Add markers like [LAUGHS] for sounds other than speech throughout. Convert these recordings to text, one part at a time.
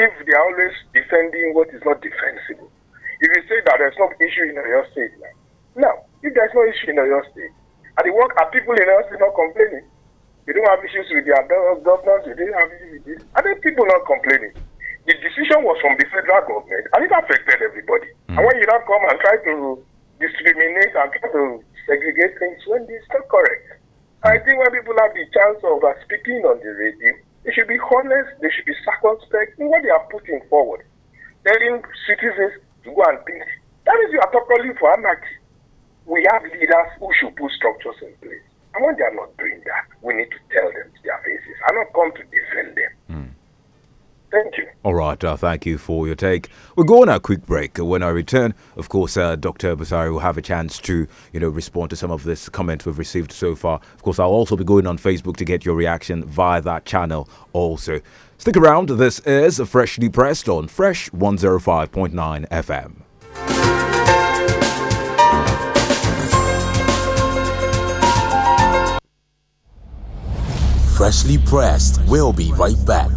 if they are always defending what is not defensible. If you say that there's no issue in your state now, no, if there's no issue in your state, and the work are people in your state not complaining? They don't have issues with their governors, they don't have issues with this. Are there people not complaining? The decision was from the federal government and it affected everybody. Mm. And when you don't come and try to discriminate and try to segregate things when it's not correct. I mm. think when people have the chance of uh, speaking on the radio, they should be honest, they should be circumspect in what they are putting forward. Telling citizens to go and think. That means you are calling for anarchy. We have leaders who should put structures in place. And when they are not doing that, we need to tell them to their faces and not come to defend them. Mm. Thank you. All right, uh, thank you for your take. We're going on a quick break. When I return, of course, uh, Dr. Basari will have a chance to, you know, respond to some of this comment we've received so far. Of course, I'll also be going on Facebook to get your reaction via that channel also. Stick around. This is Freshly Pressed on Fresh 105.9 FM. Freshly Pressed. We'll be right back.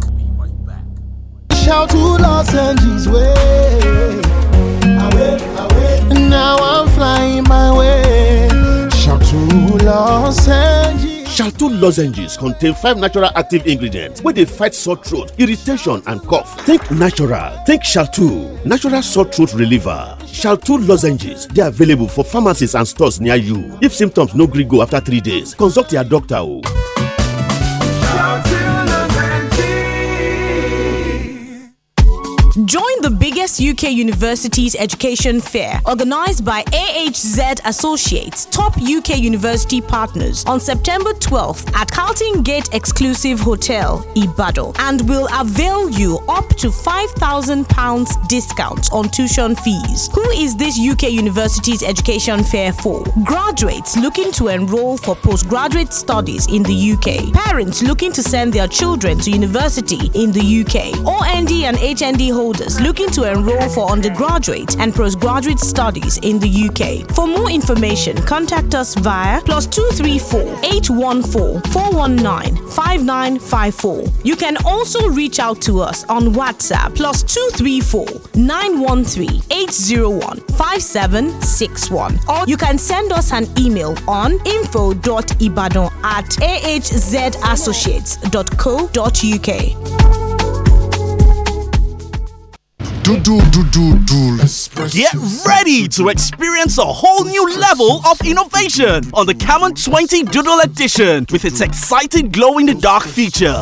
shout to Los Angeles way. Now I'm flying my way. Shout to Los Angeles. Shaltun lozenges contain five natural active ingredients where they fight sore throat, irritation and cough. Think natural, think Shaltun, natural sore throat reliever. Shaltun lozenges They are available for pharmacies and stores near you. If symptoms no gree go after three days, consult your doctor oh. Join the biggest UK universities education fair organized by AHZ Associates, top UK university partners, on September 12th at Carlton Gate Exclusive Hotel, Ibado, and will avail you up to £5,000 discount on tuition fees. Who is this UK universities education fair for? Graduates looking to enroll for postgraduate studies in the UK, parents looking to send their children to university in the UK, OND and HND holders looking to enroll for undergraduate and postgraduate studies in the UK. For more information, contact us via plus 234 814 419 5954. You can also reach out to us on WhatsApp plus 234 913 801 5761. Or you can send us an email on info.ibadan at ahzassociates.co.uk. Get ready to experience a whole new level of innovation on the Camon 20 Doodle Edition with its exciting glow in the dark feature.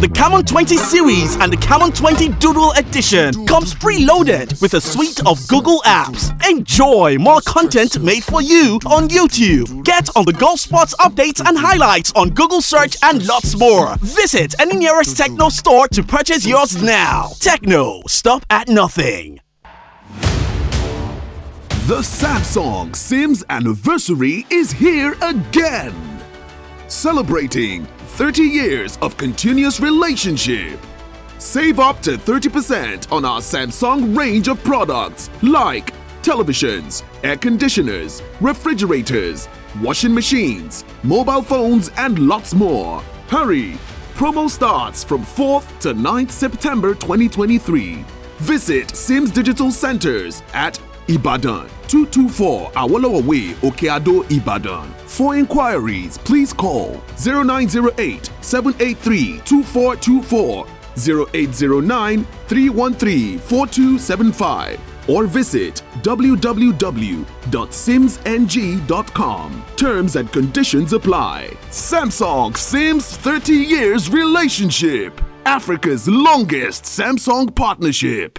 The Camon 20 series and the Camon 20 Doodle edition comes preloaded with a suite of Google apps. Enjoy more content made for you on YouTube. Get on the golf spots updates and highlights on Google search and lots more. Visit any nearest techno store to purchase yours now. Techno, stop at nothing. The Samsung Sims anniversary is here again celebrating 30 years of continuous relationship. Save up to 30% on our Samsung range of products like televisions, air conditioners, refrigerators, washing machines, mobile phones, and lots more. Hurry! Promo starts from 4th to 9th September 2023. Visit Sims Digital Centers at Ibadan. 224 Awolowo Way, Okeado, Ibadan. For inquiries, please call 0908 783 2424, 0809 313 4275, or visit www.simsng.com. Terms and conditions apply. Samsung Sims 30 Years Relationship, Africa's longest Samsung partnership.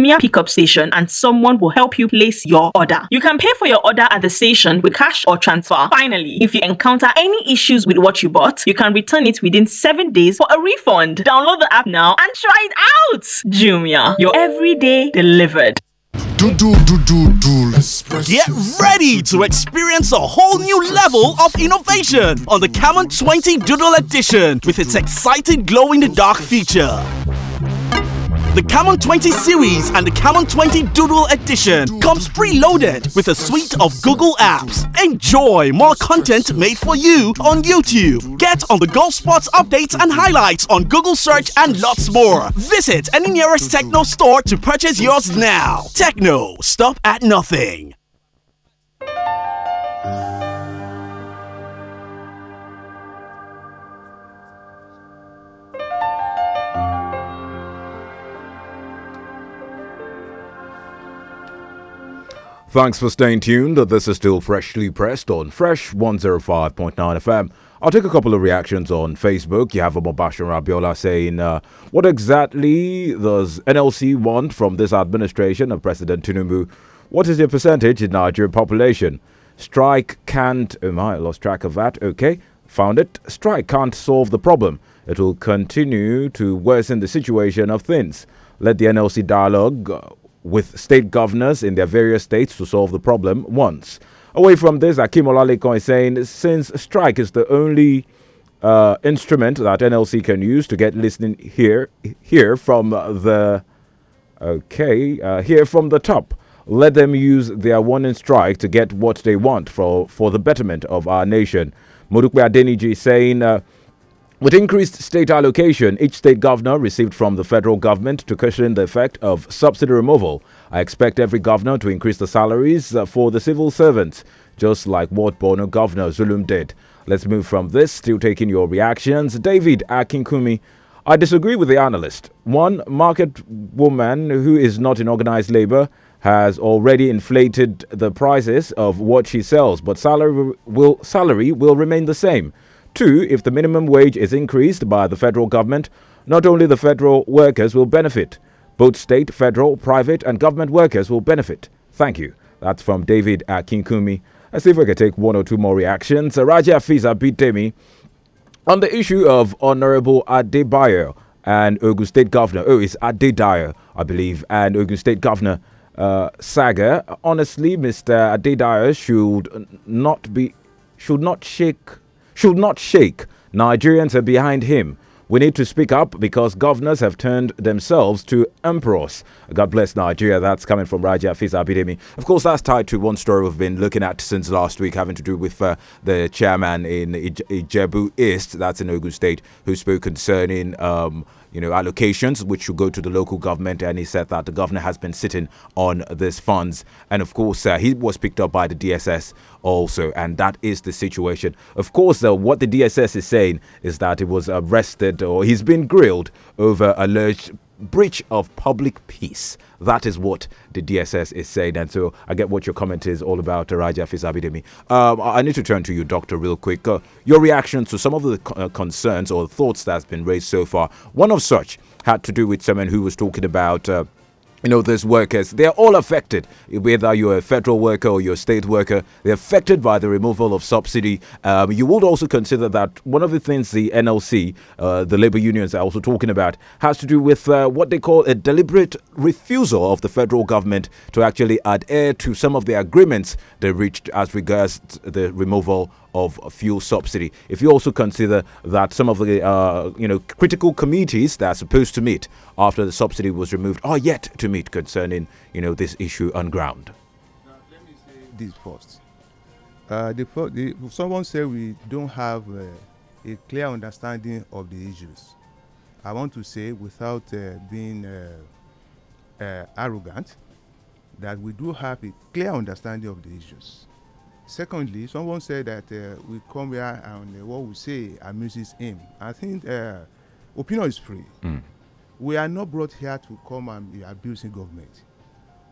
Jumia pickup station and someone will help you place your order. You can pay for your order at the station with cash or transfer. Finally, if you encounter any issues with what you bought, you can return it within 7 days for a refund. Download the app now and try it out. Jumia, your everyday delivered. Get ready to experience a whole new level of innovation on the Camon 20 Doodle Edition with its exciting glow in the dark feature. The Camon 20 series and the Camon 20 Doodle Edition comes preloaded with a suite of Google apps. Enjoy more content made for you on YouTube. Get on the golf spots updates and highlights on Google search and lots more. Visit any nearest techno store to purchase yours now. Techno, stop at nothing. Thanks for staying tuned. This is still freshly pressed on Fresh 105.9 FM. I'll take a couple of reactions on Facebook. You have a Mobashin Rabiola saying, uh, What exactly does NLC want from this administration of President Tinubu? What is your percentage in Nigerian population? Strike can't. Oh my, I lost track of that. Okay, found it. Strike can't solve the problem. It will continue to worsen the situation of things. Let the NLC dialogue uh, with state governors in their various states to solve the problem once. Away from this, Akim Olaleko is saying since strike is the only uh, instrument that NLC can use to get listening here here from the okay uh, here from the top. Let them use their warning strike to get what they want for for the betterment of our nation. Murukwe Adeniji saying. Uh, with increased state allocation, each state governor received from the federal government to cushion the effect of subsidy removal. I expect every governor to increase the salaries uh, for the civil servants, just like what Borno Governor Zulum did. Let's move from this, still taking your reactions. David Akinkumi, I disagree with the analyst. One market woman who is not in organized labor has already inflated the prices of what she sells, but salary will, salary will remain the same. Two, if the minimum wage is increased by the federal government, not only the federal workers will benefit, both state, federal, private, and government workers will benefit. Thank you. That's from David at Kinkumi. Let's see if we can take one or two more reactions. Uh, Raja Fiza Demi on the issue of Honorable Adebayo and Ogun State Governor. Oh, it's Adedayo, I believe, and Ogun State Governor uh, Saga. Honestly, Mr. Adedayo should not be should not shake should not shake. Nigerians are behind him. We need to speak up because governors have turned themselves to emperors. God bless Nigeria. That's coming from Raja Fiza Abidemi. Of course, that's tied to one story we've been looking at since last week, having to do with uh, the chairman in Ijebu East, that's in Ogun State, who spoke concerning. Um, you know, allocations, which should go to the local government. And he said that the governor has been sitting on these funds. And of course, uh, he was picked up by the DSS also. And that is the situation. Of course, uh, what the DSS is saying is that he was arrested or he's been grilled over alleged breach of public peace. That is what the DSS is saying. And so I get what your comment is all about, uh, Raja Fisabidemi. Um, I need to turn to you, Doctor, real quick. Uh, your reaction to some of the co uh, concerns or thoughts that's been raised so far. One of such had to do with someone who was talking about. Uh, you know, these workers, they're all affected. Whether you're a federal worker or you're a state worker, they're affected by the removal of subsidy. Um, you would also consider that one of the things the NLC, uh, the labor unions are also talking about, has to do with uh, what they call a deliberate refusal of the federal government to actually adhere to some of the agreements they reached as regards the removal of fuel subsidy. If you also consider that some of the uh, you know critical committees that are supposed to meet after the subsidy was removed are yet to meet concerning you know this issue on ground. let me say this first. Uh, the, the, someone said we don't have uh, a clear understanding of the issues. I want to say, without uh, being uh, uh, arrogant, that we do have a clear understanding of the issues Secondly, someone said that uh, we come here and uh, what we say amuses him. I think uh, opinion is free. Mm. We are not brought here to come and be abusing government.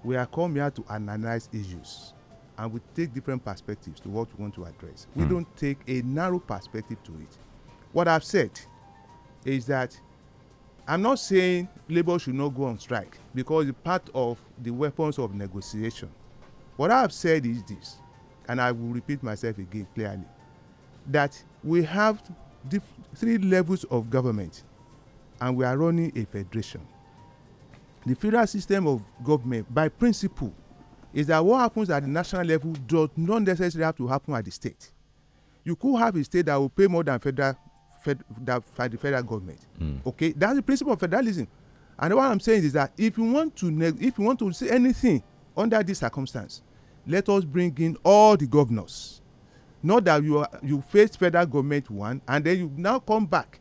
We are come here to analyze issues and we take different perspectives to what we want to address. Mm. We hmm. don't take a narrow perspective to it. What I've said is that I'm not saying Labour should not go on strike because it's part of the weapons of negotiation. What I've said is this and I will repeat myself again clearly, that we have three levels of government and we are running a federation. The federal system of government, by principle, is that what happens at the national level does not necessarily have to happen at the state. You could have a state that will pay more than federal fed, that by the federal government. Mm. Okay, that's the principle of federalism. And what I'm saying is that if you want to if you want to say anything under this circumstance, let us bring in all the governors not that you are, you face federal government one and then you now come back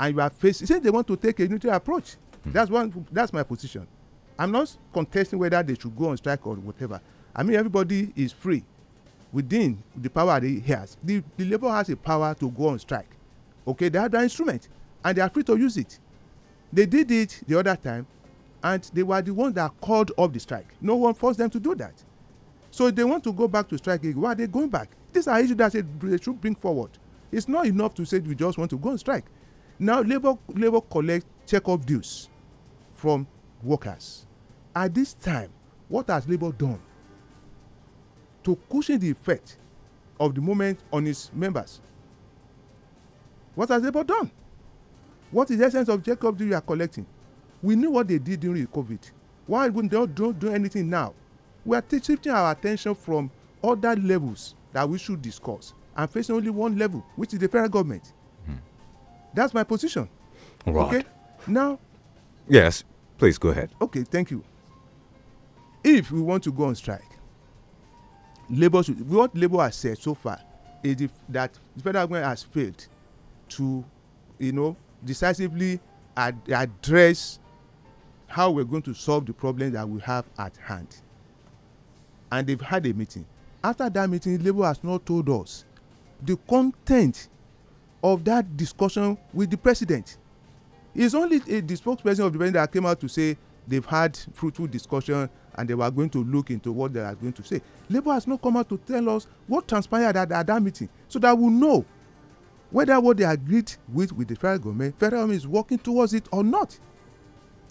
and you are facing since they want to take a neutral approach mm. that's one that's my position i'm not contesting whether they should go on strike or whatever i mean everybody is free within the power they has the the labour has a power to go on strike okay they have their instrument and they are free to use it they did it the other time and they were the ones that called off the strike no one forced them to do that So they want to go back to strike again, why are they going back? These are issues that they should bring forward. It's not enough to say we just want to go on strike. Now, Labour Labour collect check-up dues from workers. At this time, what has Labour done to cushion the effect of the moment on its members? What has Labour done? What is the essence of check-up dues you are collecting? We know what they did during the COVID. Why wouldn't they don't do anything now? we are shifting our attention from other levels that we should discuss and facing only one level which is the federal government hmm. that's my position right. okay now yes please go ahead okay thank you if we want to go on strike labour should what labour has said so far is that the federal government has failed to you know decisively ad address how we're going to solve the problem that we have at hand and they've had a meeting. After that meeting, Labour has not told us the content of that discussion with the president. It's only a, the spokesperson of the president that came out to say they've had fruitful discussion and they were going to look into what they are going to say. Labour has not come out to tell us what transpired at, at that meeting so that we we'll know whether what they agreed with with the federal government federal government is working towards it or not.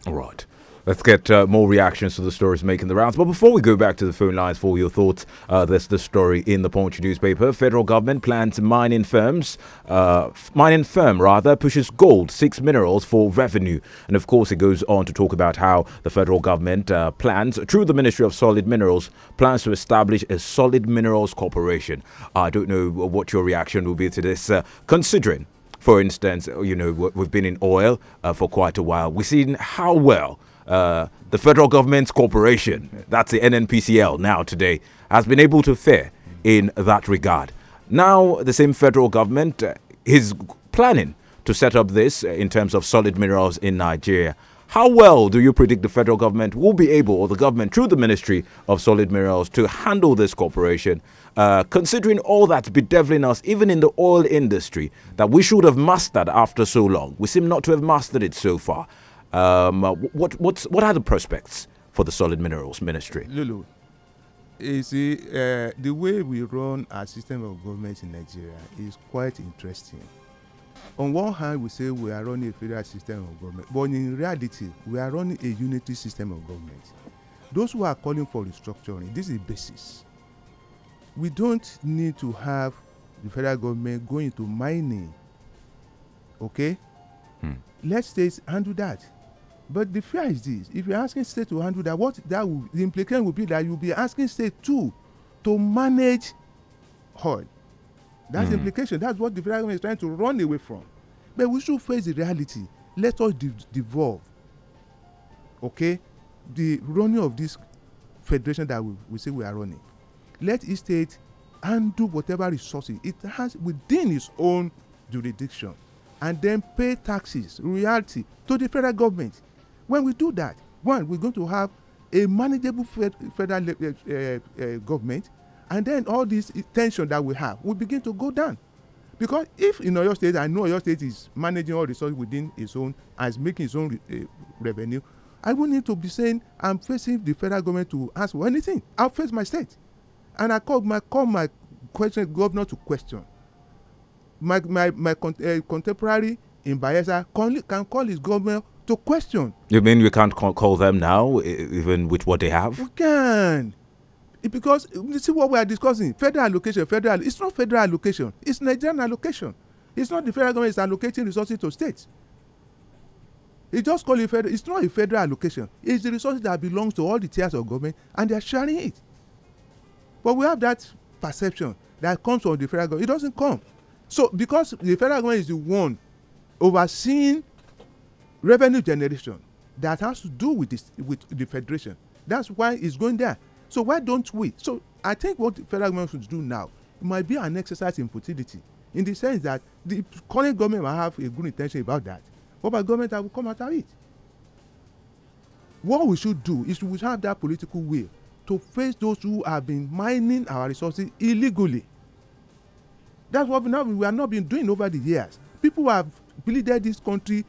all right Let's get uh, more reactions to the stories making the rounds. But before we go back to the phone lines for your thoughts, uh, there's the story in the Pontry newspaper. Federal government plans mining firms, uh, mining firm rather, pushes gold, six minerals for revenue. And of course, it goes on to talk about how the federal government uh, plans, through the Ministry of Solid Minerals, plans to establish a solid minerals corporation. I don't know what your reaction will be to this, uh, considering, for instance, you know, we've been in oil uh, for quite a while. We've seen how well uh, the federal government's corporation, that's the NNPCL now today, has been able to fare in that regard. Now, the same federal government uh, is planning to set up this uh, in terms of solid minerals in Nigeria. How well do you predict the federal government will be able, or the government through the Ministry of Solid Minerals, to handle this corporation, uh, considering all that's bedeviling us, even in the oil industry, that we should have mastered after so long? We seem not to have mastered it so far. Um, uh, what, what's, what are the prospects for the Solid Minerals Ministry? Lulu, you see, uh, the way we run our system of government in Nigeria is quite interesting. On one hand, we say we are running a federal system of government, but in reality, we are running a unity system of government. Those who are calling for restructuring, this is the basis. We don't need to have the federal government going into mining. Okay? Hmm. Let's handle that But the fear is this if you're asking state to handle that, what that will, the implication will be that you'll be asking state too to manage oil. That's mm. implication. That's what the federal government is trying to run away from. But we should face the reality. Let us de devolve. Okay? The running of this federation that we, we say we are running. Let each state handle whatever resources it has within its own jurisdiction and then pay taxes, royalty to the federal government When we do that, one, we're going to have a manageable fed, federal uh, uh, government, and then all this tension that we have will begin to go down. Because if in Oyo State, I know Oyo State is managing all resources within its own, as making its own re, uh, revenue, I won't need to be saying I'm facing the federal government to ask for anything. I'll face my state, and I call my call my question governor to question. My my my con uh, contemporary in Bayelsa can call his governor to question. You mean we can't call them now, e, even with what they have? We can. because you see what we are discussing federal allocation federal it's not federal allocation it's Nigerian allocation it's not the federal government is allocating resources to states it just call it federal it's not a federal allocation it's the resources that belongs to all the tiers of government and they are sharing it but we have that perception that comes from the federal government it doesn't come so because the federal government is the one overseeing revenue generation that has to do with this with the federation that's why it's going there so why don't we so i think what the federal government should do now might be an exercise in futility in the sense that the current government might have a good intention about that but by government that will come after it what we should do is we should have that political will to face those who have been mining our resources illegally that's what we, now, we have not been doing over the years people have bleeded this country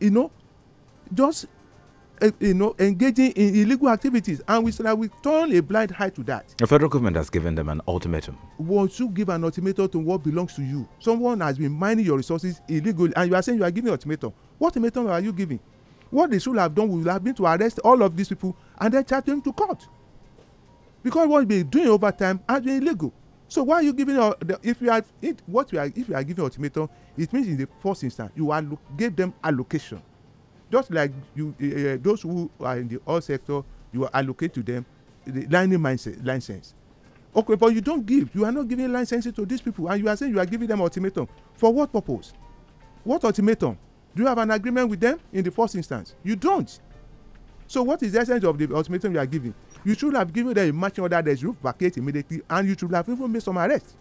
you know just uh, you know engaging in illegal activities and we said we turn a blind eye to that. the federal government has given them an ultimatum. once you give an ultimatum to what belongs to you someone has been mining your resources illegally and you are saying you are giving ultimatum what ultimatum are you giving what they should have done would have been to arrest all of these people and then charge them to court because what they doing over time has been illegal so why are you giving uh, if you are what you are if you are giving ultimatum it means in the first instance you allo give them allocation just like you uh, those who are in the oil sector you allocate to them the lining license okay but you don't give you are not giving licenses to these people and you are saying you are giving them ultimatum for what purpose what ultimatum do you have an agreement with them in the first instance you don't so what is the essence of the ultimatum you are giving you should have given them a matching order that you vacate immediately and you should have even made some arrests.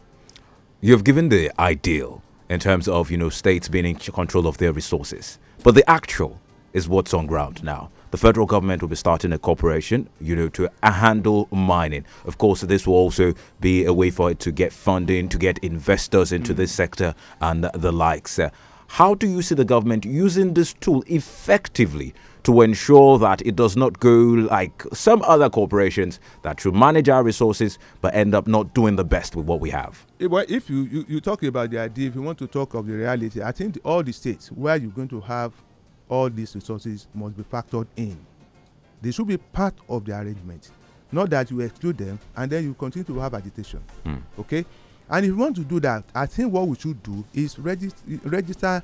You have given the ideal in terms of you know states being in control of their resources. But the actual is what's on ground now. The federal government will be starting a corporation, you know, to uh, handle mining. Of course, this will also be a way for it to get funding, to get investors into mm. this sector and the likes. Uh, how do you see the government using this tool effectively to ensure that it does not go like some other corporations that should manage our resources but end up not doing the best with what we have? Eh, well, if you, you, you talk about the idea, if you want to talk of the reality, I think all the states where you're going to have all these resources must be factored in. They should be part of the arrangement, not that you exclude them and then you continue to have agitation. Mm. Okay? and if you want to do that i think what we should do is regist register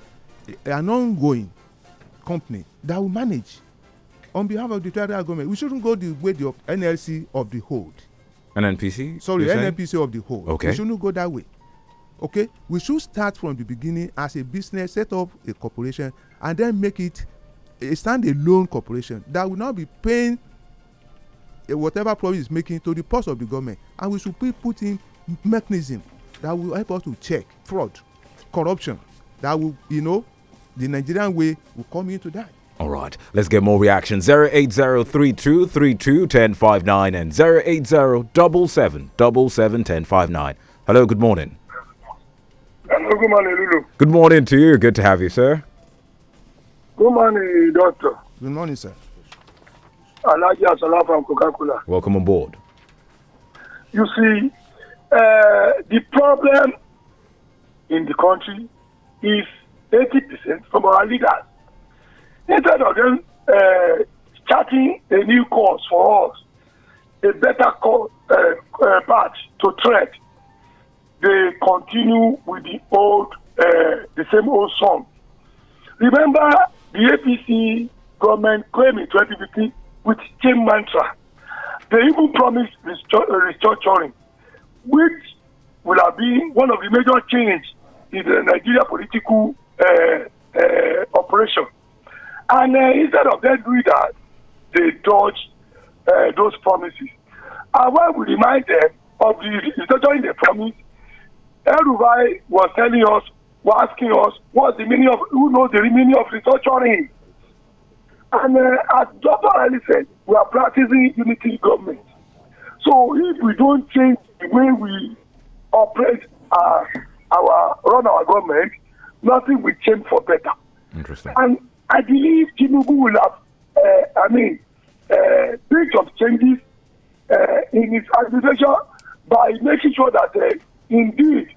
an ongoing company that will manage on behalf of the federal government we shouldn't go the way the nlc of the hold. nnpc sorry nnpc of the hold okay we shouldn't go that way okay we should start from the beginning as a business set up a corporation and then make it a standalone corporation that will not be paying whatever profit is making to the purse of the government and we should put in mechanism that will help us to check fraud corruption that will you know the nigerian way will come into that all right, let's get more reaction. 08032321059 and 08077771059. Hello, good morning. Hello, good morning, Lulu. Good morning to you. Good to have you, sir. Good morning, Doctor. Good morning, sir. Alaji Asala from Coca Cola. Welcome on board. You see, uh, the problem in the country is 80% from our leaders. Instead of them uh, a new course for us, a better course, uh, uh, path to tread, they continue with the old, uh, the same old song. Remember, the APC government came in 2015 with same mantra. They even promised uh, restructuring which will have been one of the major changes in the Nigeria political uh, uh, operation. And uh, instead of them doing that, they dodge uh, those promises. And when we remind them of the restructuring the promise? Erubai was telling us, was asking us, what's the meaning of, who knows the meaning of restructuring? And uh, as Dr. Ali said, we are practicing unity government. So if we don't change the way we operate our, our run our government, nothing will change for better. Interesting. And I believe Tinubu will have, uh, I mean, a uh, of changes uh, in his administration by making sure that uh, indeed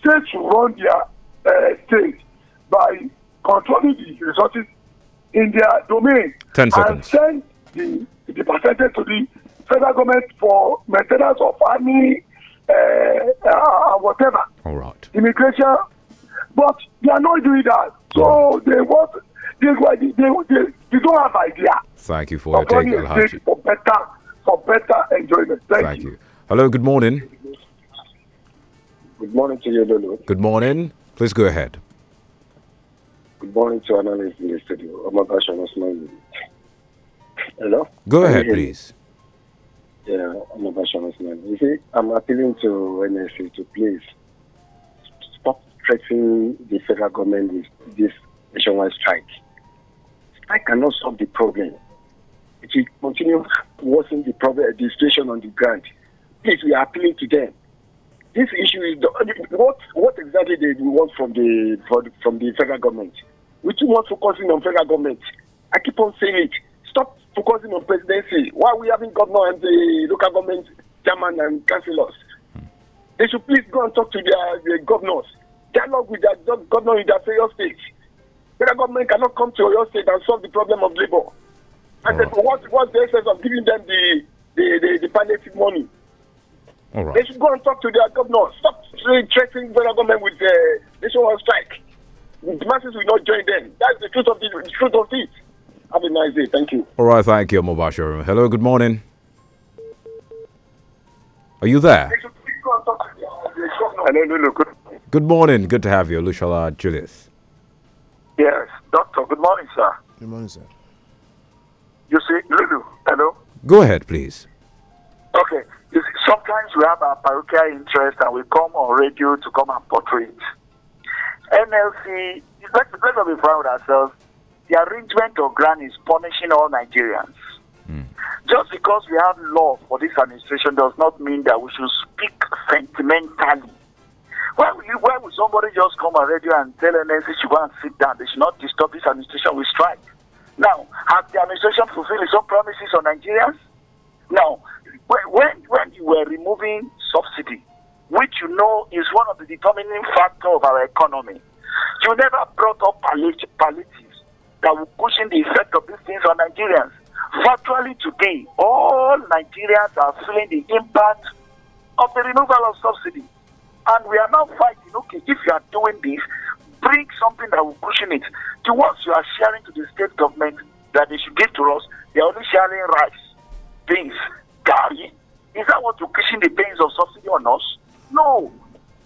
states run their uh, state by controlling the resources in their domain. Ten seconds. And send the, the percentage to the federal government for maintenance of army uh, uh, whatever. All right. Immigration, but they are not doing that. So yeah. they want they, they, they, they don't have idea. Thank you for taking your take, for better for better enjoyment. Thank, Thank you. you. Hello. Good morning. Good morning to you, Lulu. Good morning. Please go ahead. Good morning to analysts in the studio. Hello. Go ahead, please. Yeah, I'm a You see, I'm appealing to NSA to please stop threatening the federal government with this nationwide strike. Strike cannot solve the problem. It will continue worsening the problem, the situation on the ground. Please, we are appealing to them. This issue is the, what what exactly they want from the from the federal government. We too much focusing on federal government. I keep on saying it stop focusing on presidency. Why are we having governor and the local government chairman and councillors? They should please go and talk to their, their governors. Dialogue with their governor in their various states. Federal government cannot come to your state and solve the problem of labor. And right. then what, what's the essence of giving them the, the, the, the palliative money? All right. They should go and talk to their governors. Stop threatening federal government with the uh, national strike. The masses will not join them. That's the truth of the, the truth of it. Have a nice day. Thank you. All right. Thank you, Mubashir. Hello. Good morning. Are you there? Hello, Lulu. Good. good morning. Good to have you, Lushala Julius. Yes, Doctor. Good morning, sir. Good morning, sir. You see, Lulu. Hello. Go ahead, please. Okay. See, sometimes we have our parochial interest and we come on radio to come and portray it. NLC, let, let us be proud of ourselves the arrangement of grant is punishing all Nigerians. Mm. Just because we have law for this administration does not mean that we should speak sentimentally. Why would you, why somebody just come on radio and tell NSC to go and sit down? They should not disturb this administration with strike. Now, has the administration fulfilled its own promises on Nigerians? Now, when, when you were removing subsidy, which you know is one of the determining factors of our economy, you never brought up palliative that will cushion the effect of these things on Nigerians. Virtually today, all Nigerians are feeling the impact of the removal of subsidy. And we are now fighting, okay, if you are doing this, bring something that will cushion it. Towards ones you are sharing to the state government that they should give to us, they are only sharing rice, beans, curry. Is that what you cushion the pains of subsidy on us? No.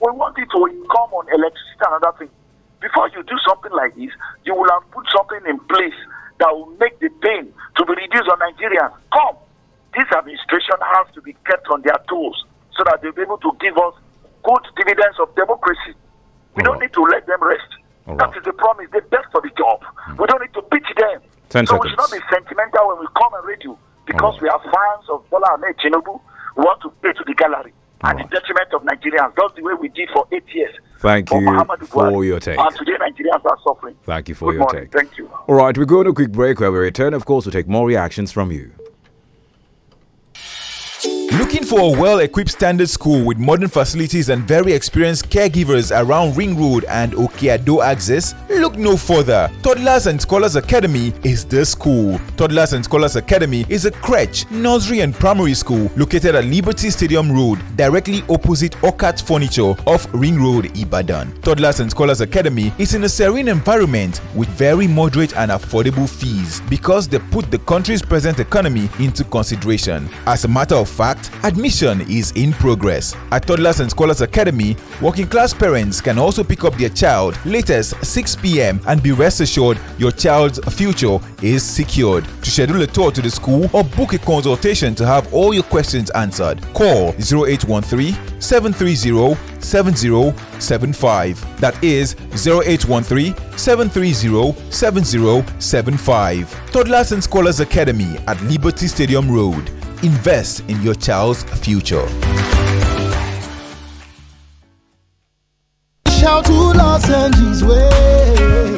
We want it to come on electricity and other things. Before you do something like this, you will have put something in place that will make the pain to be reduced on Nigerians. Come, this administration has to be kept on their toes so that they'll be able to give us good dividends of democracy. We don't need to let them rest. That is is the promise. the best for the job. Hmm. We don't need to pitch them. Ten so seconds. we should not be sentimental when we come and read you because we are fans of Bola Ahmed Tinubu. We want to pay to the gallery at the detriment of Nigerians, just the way we did for eight years. Thank you for your take. And today Nigerians are suffering. Thank you for Good your morning. take. Thank you. All right, we going to a quick break. Where we return, of course, we'll take more reactions from you. Looking for a well equipped standard school with modern facilities and very experienced caregivers around Ring Road and Okeado access? Look no further. Toddlers and Scholars Academy is the school. Toddlers and Scholars Academy is a crèche, nursery, and primary school located at Liberty Stadium Road, directly opposite Okat Furniture off Ring Road, Ibadan. Toddlers and Scholars Academy is in a serene environment with very moderate and affordable fees because they put the country's present economy into consideration. As a matter of fact, Admission is in progress. At Toddlers and Scholars Academy, working class parents can also pick up their child latest 6 p.m. and be rest assured your child's future is secured. To schedule a tour to the school or book a consultation to have all your questions answered, call 0813 730 7075. That is 0813 730 7075. Toddlers and Scholars Academy at Liberty Stadium Road. Invest in your child's future. Shout to Los Angeles way.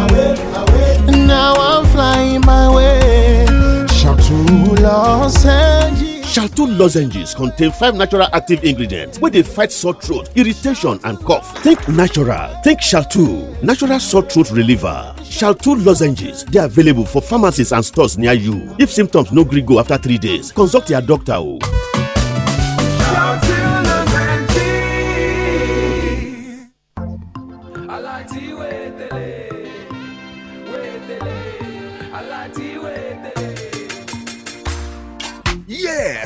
Away, away. Now I'm flying my way. Shout to Los Angeles. Shalto lozenges contain five natural active ingredients wey dey fight sore throat, irritation and cough. Think natural, think Shalto, natural sore throat reliever. Shalto lozenges dey available for pharmacies and stores near you. If symptoms no gree go after three days, consult your doctor o. Oh.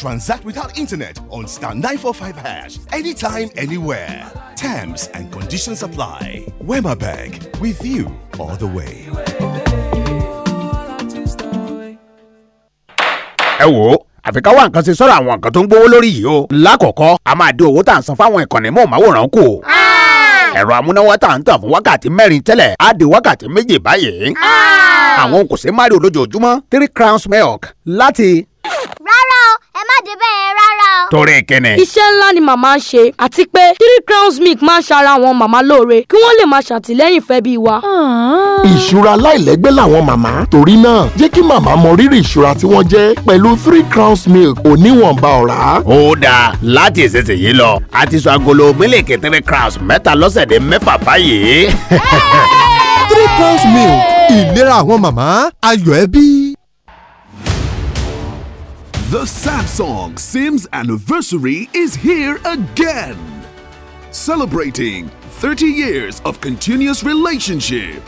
transact without internet on star 945 hash anytime, anywhere. Terms and conditions apply. Wema Bank with you all the way. ẹ wò ó àfi ká wá nǹkan ṣe sọ́dọ̀ àwọn nǹkan tó ń gbówó lórí yìí o. lákọ̀ọ́kọ́ a máa dín owó tá à ń san fáwọn ìkànnì mọ̀ọ́máwòrán kù. ẹ̀rọ amúnáwá tá à ń tàn fún wákàtí mẹ́rin tẹ́lẹ̀ á di wákàtí méje báyìí. àwọn kò ṣe rí olójoojúmọ́ three crowns milk láti jáde bẹ́ẹ̀ rárá o. torí kíni. iṣẹ́ ńlá ni màmá ń ṣe àti pé three crowns milk máa ń ṣara àwọn màmá lóore kí wọ́n lè máa ṣàtìlẹ́yìn fẹ́ bí wa. Ah. ìṣúra láìlẹ́gbẹ́ làwọn màmá torí náà jẹ́ kí màmá mọ rírì ìṣúra tí wọ́n jẹ́ pẹ̀lú three crowns milk oníwọ̀nba ọ̀rá. ó dáa láti ìsinsìnyí lọ a ti sọ agolo mílíkì three crowns mẹ́ta lọ́sẹ̀ dé mẹ́fà báyìí. three crowns milk ìlera àwọn màmá ayọ̀ ẹbí. The Samsung Sims anniversary is here again. Celebrating 30 years of continuous relationship.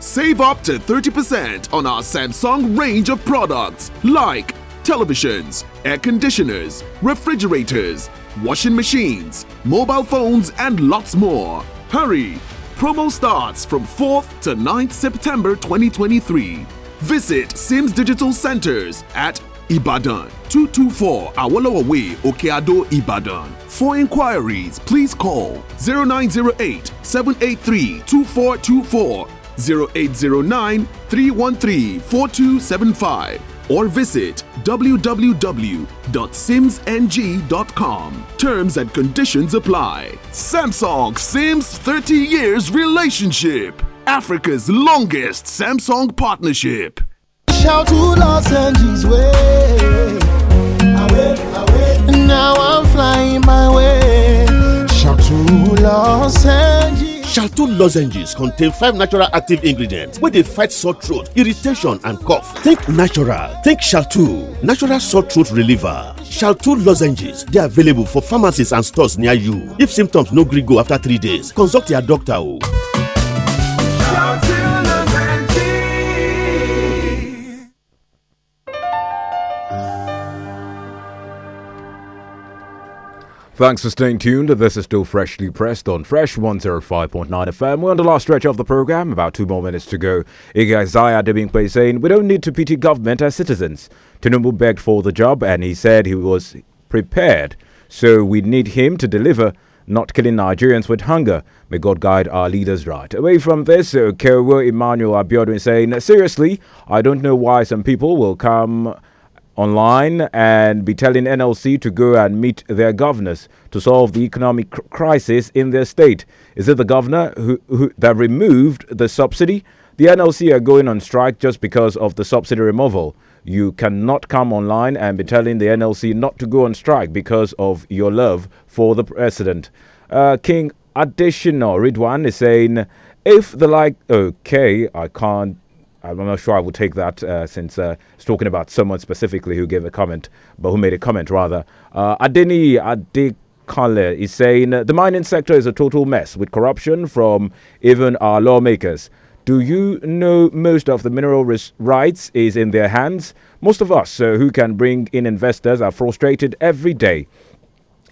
Save up to 30% on our Samsung range of products like televisions, air conditioners, refrigerators, washing machines, mobile phones, and lots more. Hurry! Promo starts from 4th to 9th September 2023. Visit Sims Digital Centers at Ibadan, 224 Awolowo Way, Okeado, Ibadan. For inquiries, please call 0908 783 2424, 0809 313 4275, or visit www.simsng.com. Terms and conditions apply. Samsung Sims 30 Years Relationship, Africa's longest Samsung partnership. shout to Los Angeles way. Away, away. Now I'm flying my way. Shout to Los Angeles. Shalto lozenges contain five natural active ingredients wey dey fight sore throat, irritation and cough. Think natural, think Shalto, natural sore throat reliever. Shalto lozenges dey available for pharmacies and stores near you. If symptoms no gree go after three days, consult your doctor o. Oh. Thanks for staying tuned. This is still freshly pressed on Fresh 105.9 FM. We're on the last stretch of the program, about two more minutes to go. Iga Isaiah Debingpe saying, We don't need to pity government as citizens. Tinubu begged for the job and he said he was prepared. So we need him to deliver, not killing Nigerians with hunger. May God guide our leaders right. Away from this, uh, Kewa Emmanuel Abiodun saying, Seriously, I don't know why some people will come online and be telling NLC to go and meet their governors to solve the economic cr crisis in their state. Is it the governor who, who, that removed the subsidy? The NLC are going on strike just because of the subsidy removal. You cannot come online and be telling the NLC not to go on strike because of your love for the president. Uh, King additional Ridwan is saying, if the like, okay, I can't I'm not sure I would take that uh, since uh, it's talking about someone specifically who gave a comment, but who made a comment rather. Uh, Adeni Adekale is saying the mining sector is a total mess with corruption from even our lawmakers. Do you know most of the mineral res- rights is in their hands? Most of us uh, who can bring in investors are frustrated every day.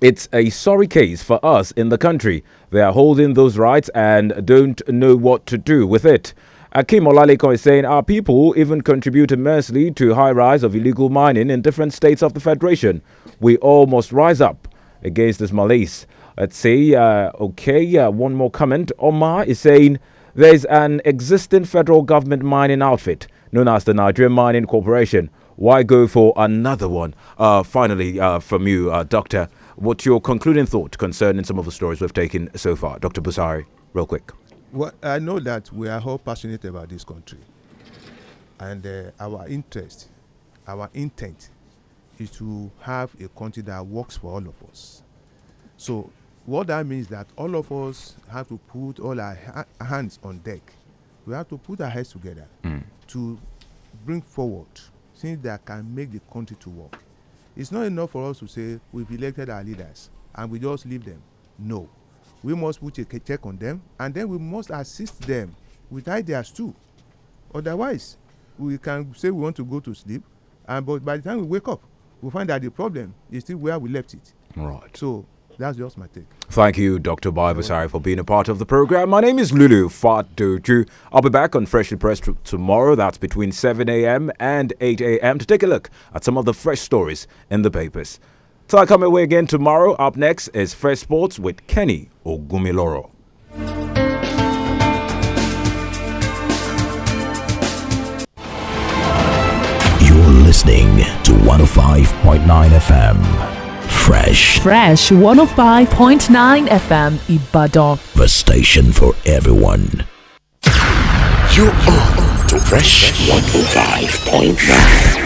It's a sorry case for us in the country. They are holding those rights and don't know what to do with it. Akim Olaleko is saying, Our people even contribute immensely to high rise of illegal mining in different states of the Federation. We all must rise up against this malaise. Let's see. Uh, okay, uh, one more comment. Omar is saying, There's an existing federal government mining outfit known as the Nigerian Mining Corporation. Why go for another one? Uh, finally, uh, from you, uh, Doctor, what's your concluding thought concerning some of the stories we've taken so far? Dr. Busari, real quick. well, I know that we are all passionate about this country, and uh, our interest, our intent, is to have a country that works for all of us. So what that means that all of us have to put all our ha hands on deck. We have to put our heads together mm. to bring forward things that can make the country to work. It's not enough for us to say we've elected our leaders and we just leave them. No. we must put a check on them and then we must assist them with ideas too otherwise we can say we want to go to sleep and but by the time we wake up we find that the problem is still where we left it right so that's just my take. Thank you, Dr. Baibasari, for being a part of the program. My name is Lulu Fatuju. I'll be back on Freshly Pressed tomorrow. That's between 7 a.m. and 8 a.m. to take a look at some of the fresh stories in the papers. So I come away again tomorrow, up next is Fresh Sports with Kenny Ogumiloro. You're listening to 105.9 FM. Fresh. Fresh 105.9 FM Ibadan. The station for everyone. You are on to Fresh 105.9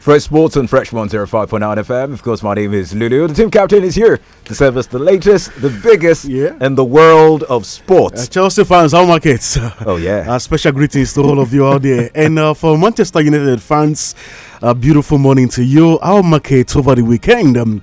Fresh Sports on Fresh 105.9 FM. Of course, my name is Lulu. The team captain is here to serve us the latest, the biggest yeah. in the world of sports. Uh, Chelsea fans, how markets? [LAUGHS] Oh, yeah. Uh, special greetings to all of you out there. And uh, for Manchester United fans, a beautiful morning to you. Our market over the weekend. Um,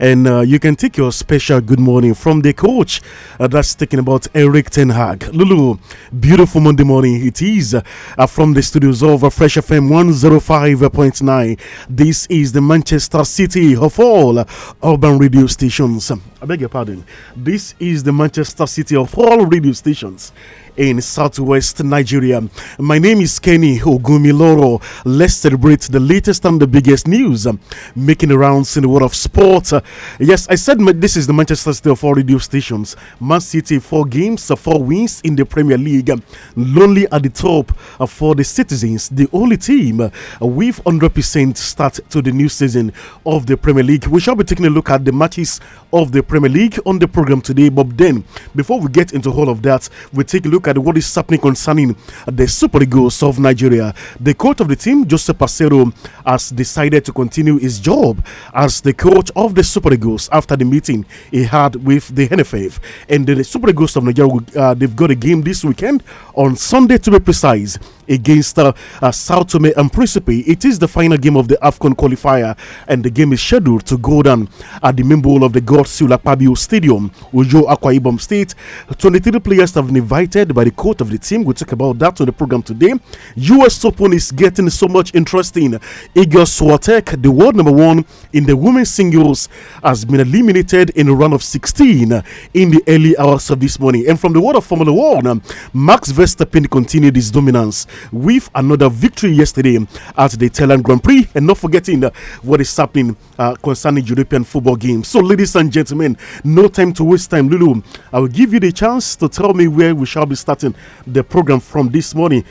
and uh, you can take your special good morning from the coach. Uh, that's talking about Eric Ten Hag. Lulu, beautiful Monday morning it is uh, from the studios of Fresh FM 105.9. This is the Manchester City of all urban radio stations. I beg your pardon. This is the Manchester City of all radio stations in southwest Nigeria. My name is Kenny Ogumiloro. Let's celebrate the latest and the biggest news um, making rounds in the world of sport. Yes, I said this is the Manchester City of all radio stations. Man City, four games, uh, four wins in the Premier League. Lonely at the top uh, for the citizens, the only team uh, with 100% start to the new season of the Premier League. We shall be taking a look at the matches of the Premier League on the program today. But then, before we get into all of that, we take a look look at what is happening concerning the Super Eagles of Nigeria. The coach of the team, Joseph Pacero, has decided to continue his job as the coach of the Super Eagles after the meeting he had with the NFF. And the Super Eagles of Nigeria, uh, they've got a game this weekend on Sunday to be precise against uh, uh, Sao Tome and Principe. It is the final game of the AFCON qualifier, and the game is scheduled to go down at the main bowl of the God Pabio Stadium, Ujo Akwa Ibom State. 23 players have been invited by the coach of the team. We'll talk about that on the program today. US Open is getting so much interesting. Igor Swatek, the world number one in the women's singles, has been eliminated in a round of 16 in the early hours of this morning. And from the world of Formula One, Max Verstappen continued his dominance with another victory yesterday at the Thailand Grand Prix. And not forgetting uh, what is happening uh, concerning European football games. So, ladies and gentlemen, no time to waste time. Lulu, I will give you the chance to tell me where we shall be starting the program from this morning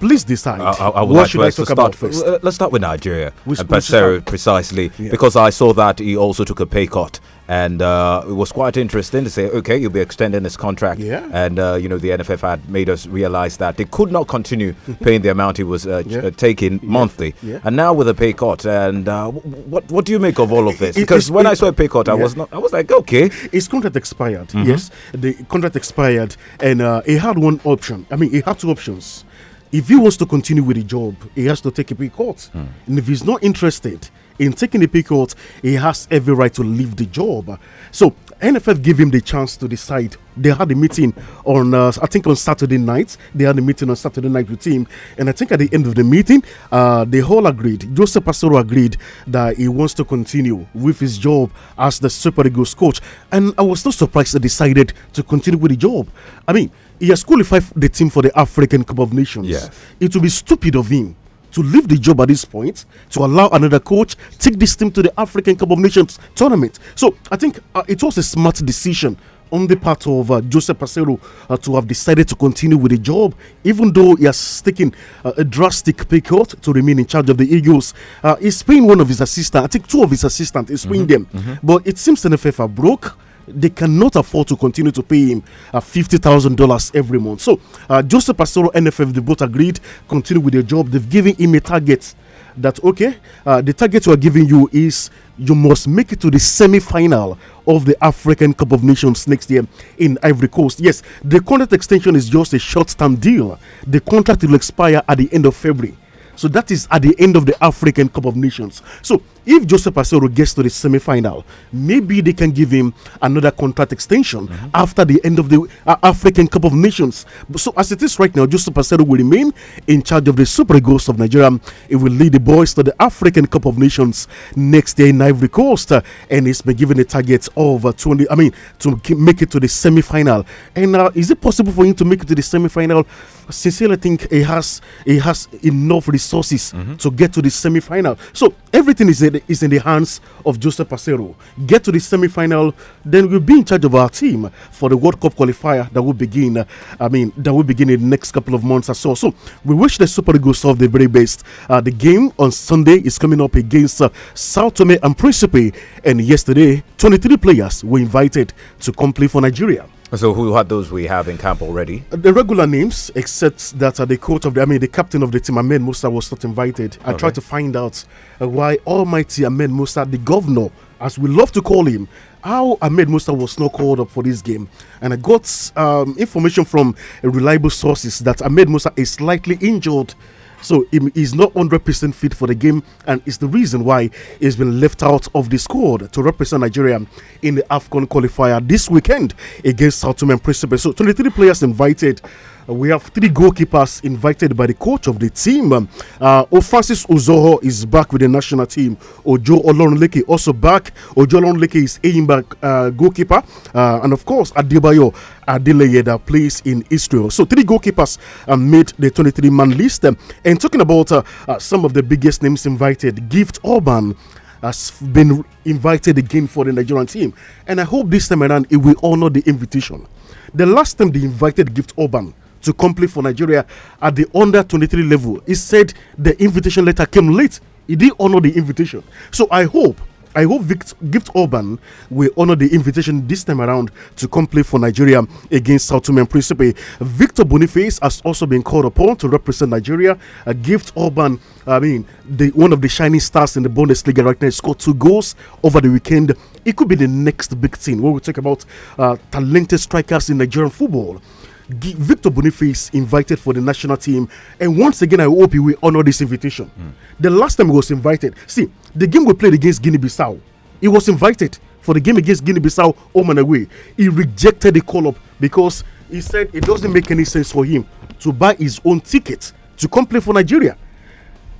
please decide. I, I what like should I talk about first? let's start with Nigeria. and precisely, yeah. because I saw that he also took a pay cut. And uh, it was quite interesting to say, okay, you'll be extending this contract. Yeah. And, uh, you know, the NFF had made us realize that they could not continue [LAUGHS] paying the amount he was uh, yeah. Uh, taking monthly. Yeah. And now with a pay cut, and uh, what what do you make of all of [LAUGHS] this? It, because when I saw a pay cut, I was not, I was like, okay. His contract expired, mm -hmm. yes. The contract expired, and he had one option. I mean, he had two options if he wants to continue with the job, he has to take a pay cut. Mm. And if he's not interested in taking a pay cut, he has every right to leave the job. So NFF gave him the chance to decide. They had a meeting on, uh, I think, on Saturday night. They had a meeting on Saturday night with him, and I think at the end of the meeting, uh, they all agreed. Joseph Pastoro agreed that he wants to continue with his job as the Super Eagles coach, and I was not surprised they decided to continue with the job. I mean. He has qualified the team for the African Cup of Nations. It will be stupid of him to leave the job at this point to allow another coach take this team to the African Cup of Nations tournament. So I think uh, it was a smart decision on the part of uh, Joseph Pacero uh, to have decided to continue with the job, even though he has taken uh, a drastic pay cut to remain in charge of the Eagles. Uh, he's paying one of his assistants, I think two of his assistants, he's paying mm -hmm, them. Mm -hmm. But it seems the NFF are broke they cannot afford to continue to pay him uh, $50,000 every month. So, uh, Joseph Pastoro, NFF, they both agreed, continue with their job. They've given him a target that, okay, uh, the target we're giving you is you must make it to the semi final of the African Cup of Nations next year in Ivory Coast. Yes, the contract extension is just a short term deal, the contract will expire at the end of February. So that is at the end of the African Cup of Nations. So if Joseph Asoro gets to the semi final, maybe they can give him another contract extension mm -hmm. after the end of the uh, African Cup of Nations. So, as it is right now, Joseph Asoro will remain in charge of the Super Eagles of Nigeria. He will lead the boys to the African Cup of Nations next year in Ivory Coast, uh, and he's been given a target of uh, 20, I mean, to make it to the semi final. And uh, is it possible for him to make it to the semi final? Sincerely, I think he has, he has enough resources mm -hmm. to get to the semi final. So, everything is there is in the hands of Joseph Pacero. Get to the semi final, then we'll be in charge of our team for the World Cup qualifier that will begin. I mean, that will begin in the next couple of months or so. So we wish the Super Eagles all the very best. Uh, the game on Sunday is coming up against uh, Sao Tome and Principe, and yesterday, 23 players were invited to come play for Nigeria. So who had those we have in camp already? Uh, the regular names, except that at the coach of the, I mean, the captain of the team, Ahmed Musa, was not invited. I okay. tried to find out uh, why Almighty Ahmed Musa, the governor, as we love to call him, how Ahmed Musa was not called up for this game. And I got um, information from reliable sources that Ahmed Musa is slightly injured so he's not 100% fit for the game, and it's the reason why he's been left out of the squad to represent Nigeria in the AFCON qualifier this weekend against South Tomé Principe. So 23 players invited. Uh, we have three goalkeepers invited by the coach of the team. Um, uh, Francis Uzoho is back with the national team. Ojo Olonleke also back. Ojo Olonleke is aiming back uh, goalkeeper. Uh, and of course, Adebayo Adileyeda place in Israel. So three goalkeepers uh, made the 23-man list. Um, and talking about uh, uh, some of the biggest names invited, Gift Orban has been invited again for the Nigerian team. And I hope this time around it will honor the invitation. The last time they invited Gift Orban to compete for Nigeria at the under 23 level, he said the invitation letter came late. He didn't honor the invitation. So I hope I hope Vict Gift Urban will honor the invitation this time around to come play for Nigeria against South Tome and Principe. Victor Boniface has also been called upon to represent Nigeria. Uh, Gift Urban, I mean, the, one of the shining stars in the Bundesliga right now, scored two goals over the weekend. It could be the next big thing when we talk about uh, talented strikers in Nigerian football. Victor Boniface invited for the national team. And once again, I hope he will honor this invitation. Mm. The last time he was invited, see, the game we played against Guinea Bissau, he was invited for the game against Guinea Bissau home and away. He rejected the call up because he said it doesn't make any sense for him to buy his own ticket to come play for Nigeria.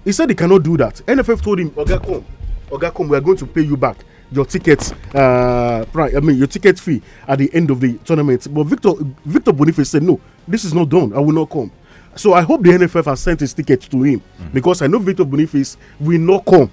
He said he cannot do that. NFF told him, Oga, come, Oga, come, we are going to pay you back your ticket uh right i mean your ticket fee at the end of the tournament but victor victor boniface said no this is not done i will not come so i hope the nff has sent his ticket to him mm -hmm. because i know victor boniface will not come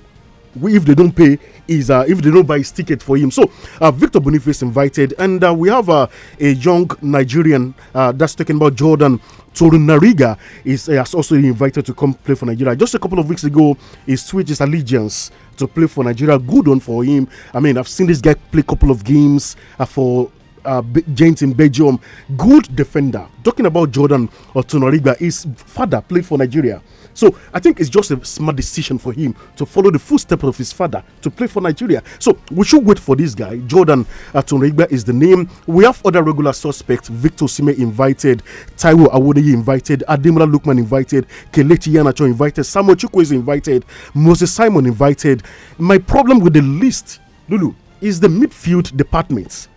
we, if they don't pay is uh, if they don't buy his ticket for him. So uh, Victor Boniface invited, and uh, we have uh, a young Nigerian uh, that's talking about Jordan Torunariga is uh, also invited to come play for Nigeria. Just a couple of weeks ago, he switched his allegiance to play for Nigeria. Good on for him. I mean, I've seen this guy play a couple of games uh, for uh, Giants in Belgium. Good defender. Talking about Jordan Otunoriga, his father played for Nigeria. So I think it's just a smart decision for him to follow the footsteps of his father to play for Nigeria. So we should wait for this guy. Jordan Atunregba is the name. We have other regular suspects. Victor Sime invited, Taiwo Awodeyi invited, Ademola Lukman invited, Kelechi Yanacho invited, Samuel Chukwu is invited, Moses Simon invited. My problem with the list, Lulu, is the midfield department.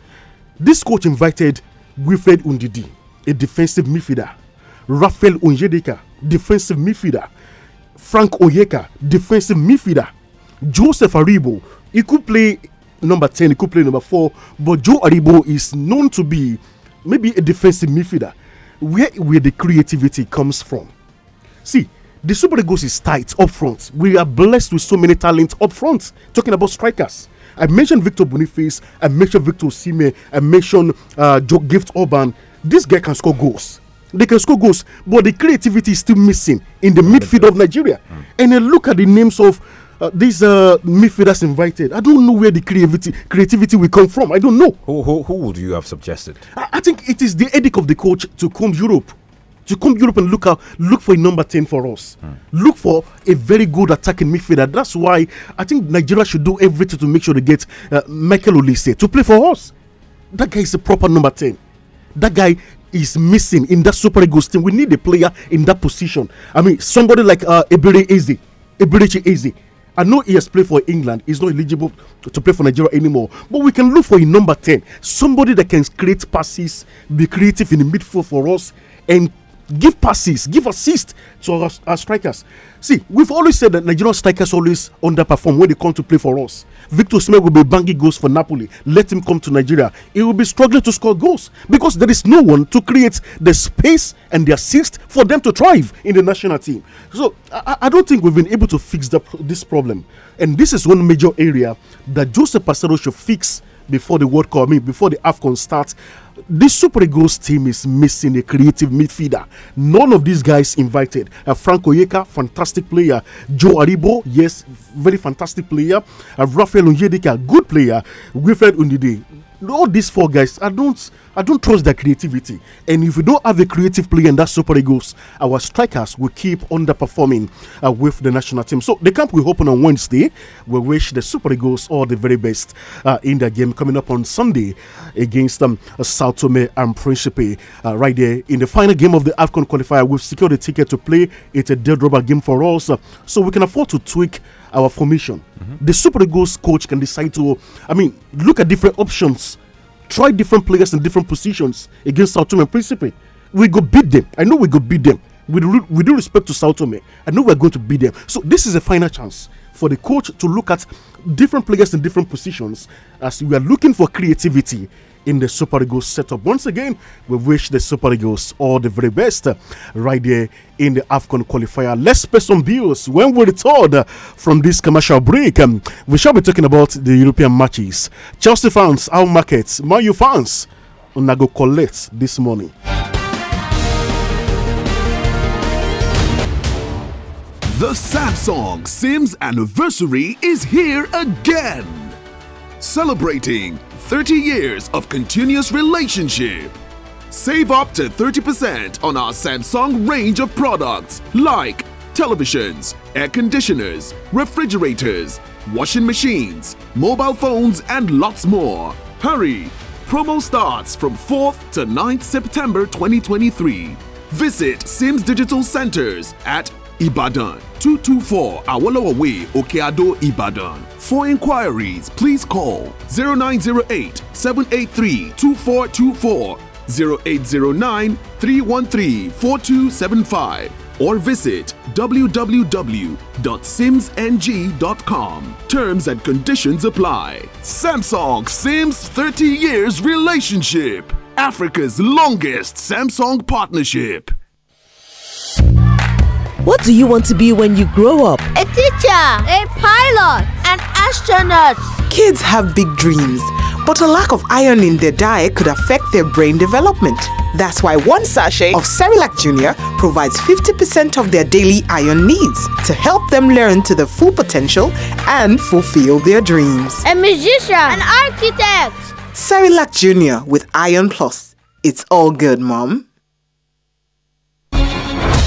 This coach invited Wilfred Undidi, a defensive midfielder Rafael Onjedeka, defensive midfielder. Frank Oyeka, defensive midfielder. Joseph Aribo, he could play number 10, he could play number 4, but Joe Aribo is known to be maybe a defensive midfielder. Where, where the creativity comes from. See, the Super Eagles is tight up front. We are blessed with so many talents up front. Talking about strikers. I mentioned Victor Boniface, I mentioned Victor Sime, I mentioned uh, Joe Gift Urban. This guy can score goals they can score goals, but the creativity is still missing in the midfield of Nigeria. Mm. And then look at the names of uh, these uh, midfielders invited. I don't know where the creativity creativity will come from. I don't know. Who who, who would you have suggested? I, I think it is the edict of the coach to come Europe to come Europe and look out, look for a number 10 for us. Mm. Look for a very good attacking midfielder. That's why I think Nigeria should do everything to make sure they get uh, Michael Olise to play for us. That guy is a proper number 10. That guy is missing in that Super Eagles team. We need a player in that position. I mean, somebody like uh, Ebere Eze, Eberechi Eze. I know he has played for England. He's not eligible to play for Nigeria anymore. But we can look for a number 10. Somebody that can create passes, be creative in the midfield for us, and give passes, give assists to our, our, strikers. See, we've always said that Nigerian strikers always underperform when they come to play for us. Victor Smith will be banging goals for Napoli. Let him come to Nigeria. He will be struggling to score goals because there is no one to create the space and the assist for them to thrive in the national team. So I, I don't think we've been able to fix the, this problem. And this is one major area that Joseph Pacero should fix before the World Cup, I mean, before the AFCON starts. This Super Eagles team is missing a creative midfielder. None of these guys invited. Uh, Franco Yeka, fantastic player. Joe Aribo, yes, very fantastic player. Uh, Rafael Onjedika, good player. Wilfred Undidi, all these four guys, I don't I don't trust their creativity. And if we don't have a creative player in that Super Eagles, our strikers will keep underperforming uh, with the national team. So the camp will open on Wednesday. We wish the Super Eagles all the very best uh, in their game coming up on Sunday against um, Sao Tome and Principe. Uh, right there in the final game of the AFCON qualifier, we've secured a ticket to play. It's a dead rubber game for us, uh, so we can afford to tweak our formation. Mm -hmm. The Super Eagles coach can decide to, I mean, look at different options, try different players in different positions against South Tome and Principe. We go beat them. I know we go beat them. With, with due respect to South Tome, I know we're going to beat them. So this is a final chance for the coach to look at different players in different positions as we are looking for creativity in the Super Eagles setup. Once again, we wish the Super Eagles all the very best right there in the AFCON qualifier. Let's pay some bills. When we return from this commercial break, um, we shall be talking about the European matches. Chelsea fans, our markets, Mayu fans, on Unago collect this morning. The Samsung Sims anniversary is here again. Celebrating 30 years of continuous relationship. Save up to 30% on our Samsung range of products like televisions, air conditioners, refrigerators, washing machines, mobile phones, and lots more. Hurry! Promo starts from 4th to 9th September 2023. Visit Sims Digital Centers at Ibadan. 224 Awolowo Way, Okeado, Ibadan. For inquiries, please call 0908 783 2424, 0809 313 4275, or visit www.simsng.com. Terms and conditions apply. Samsung Sims 30 Years Relationship, Africa's longest Samsung partnership. What do you want to be when you grow up? A teacher, a pilot, an astronaut. Kids have big dreams, but a lack of iron in their diet could affect their brain development. That's why one sachet of Cerilac Junior provides 50% of their daily iron needs to help them learn to their full potential and fulfill their dreams. A musician, an architect. Cerilac Junior with Iron Plus. It's all good, Mom.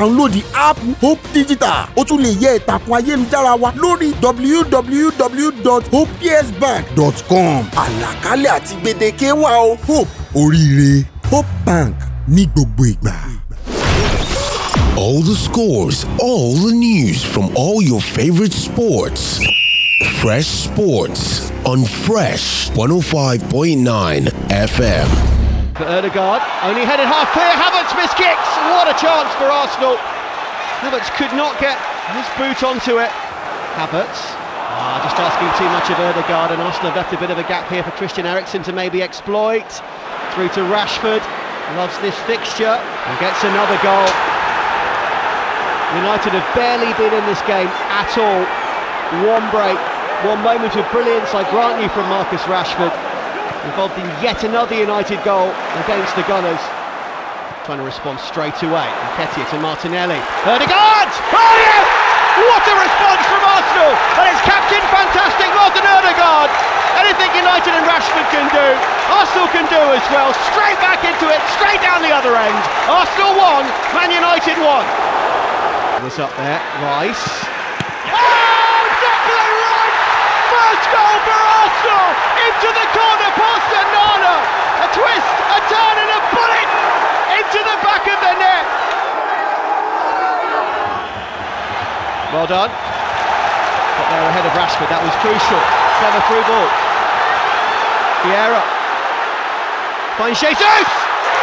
Download the app hope digital ó tún lè yẹ ìtàkùn ayélujára wa lórí www.hopepsbank.com àlàkalẹ̀ àti gbèdéke wa o hope oríire hope bank ní gbogbo ìgbà. All the scores, all the news from all your favorite sports. Fresh Sports on Fresh 105.9 FM. for Erdegaard. Only headed half clear. Havertz missed kicks. What a chance for Arsenal. Havertz could not get his boot onto it. Havertz. Ah, just asking too much of Erdegaard and Arsenal have left a bit of a gap here for Christian Eriksen to maybe exploit. Through to Rashford. Loves this fixture and gets another goal. United have barely been in this game at all. One break, one moment of brilliance, I grant you, from Marcus Rashford involved in yet another United goal against the Gunners. Trying to respond straight away. Ketia to Martinelli. Erdegaard! Oh yes! What a response from Arsenal! And it's captain fantastic Martin Erdegaard! Anything United and Rashford can do, Arsenal can do as well. Straight back into it, straight down the other end. Arsenal won, Man United won. This up there, Rice. Ah! First goal for Arsenal into the corner past Nana. A twist, a turn, and a bullet into the back of the net. Well done. Got there ahead of Rashford. That was crucial. Clever through ball. Vieira. Finds Jesus.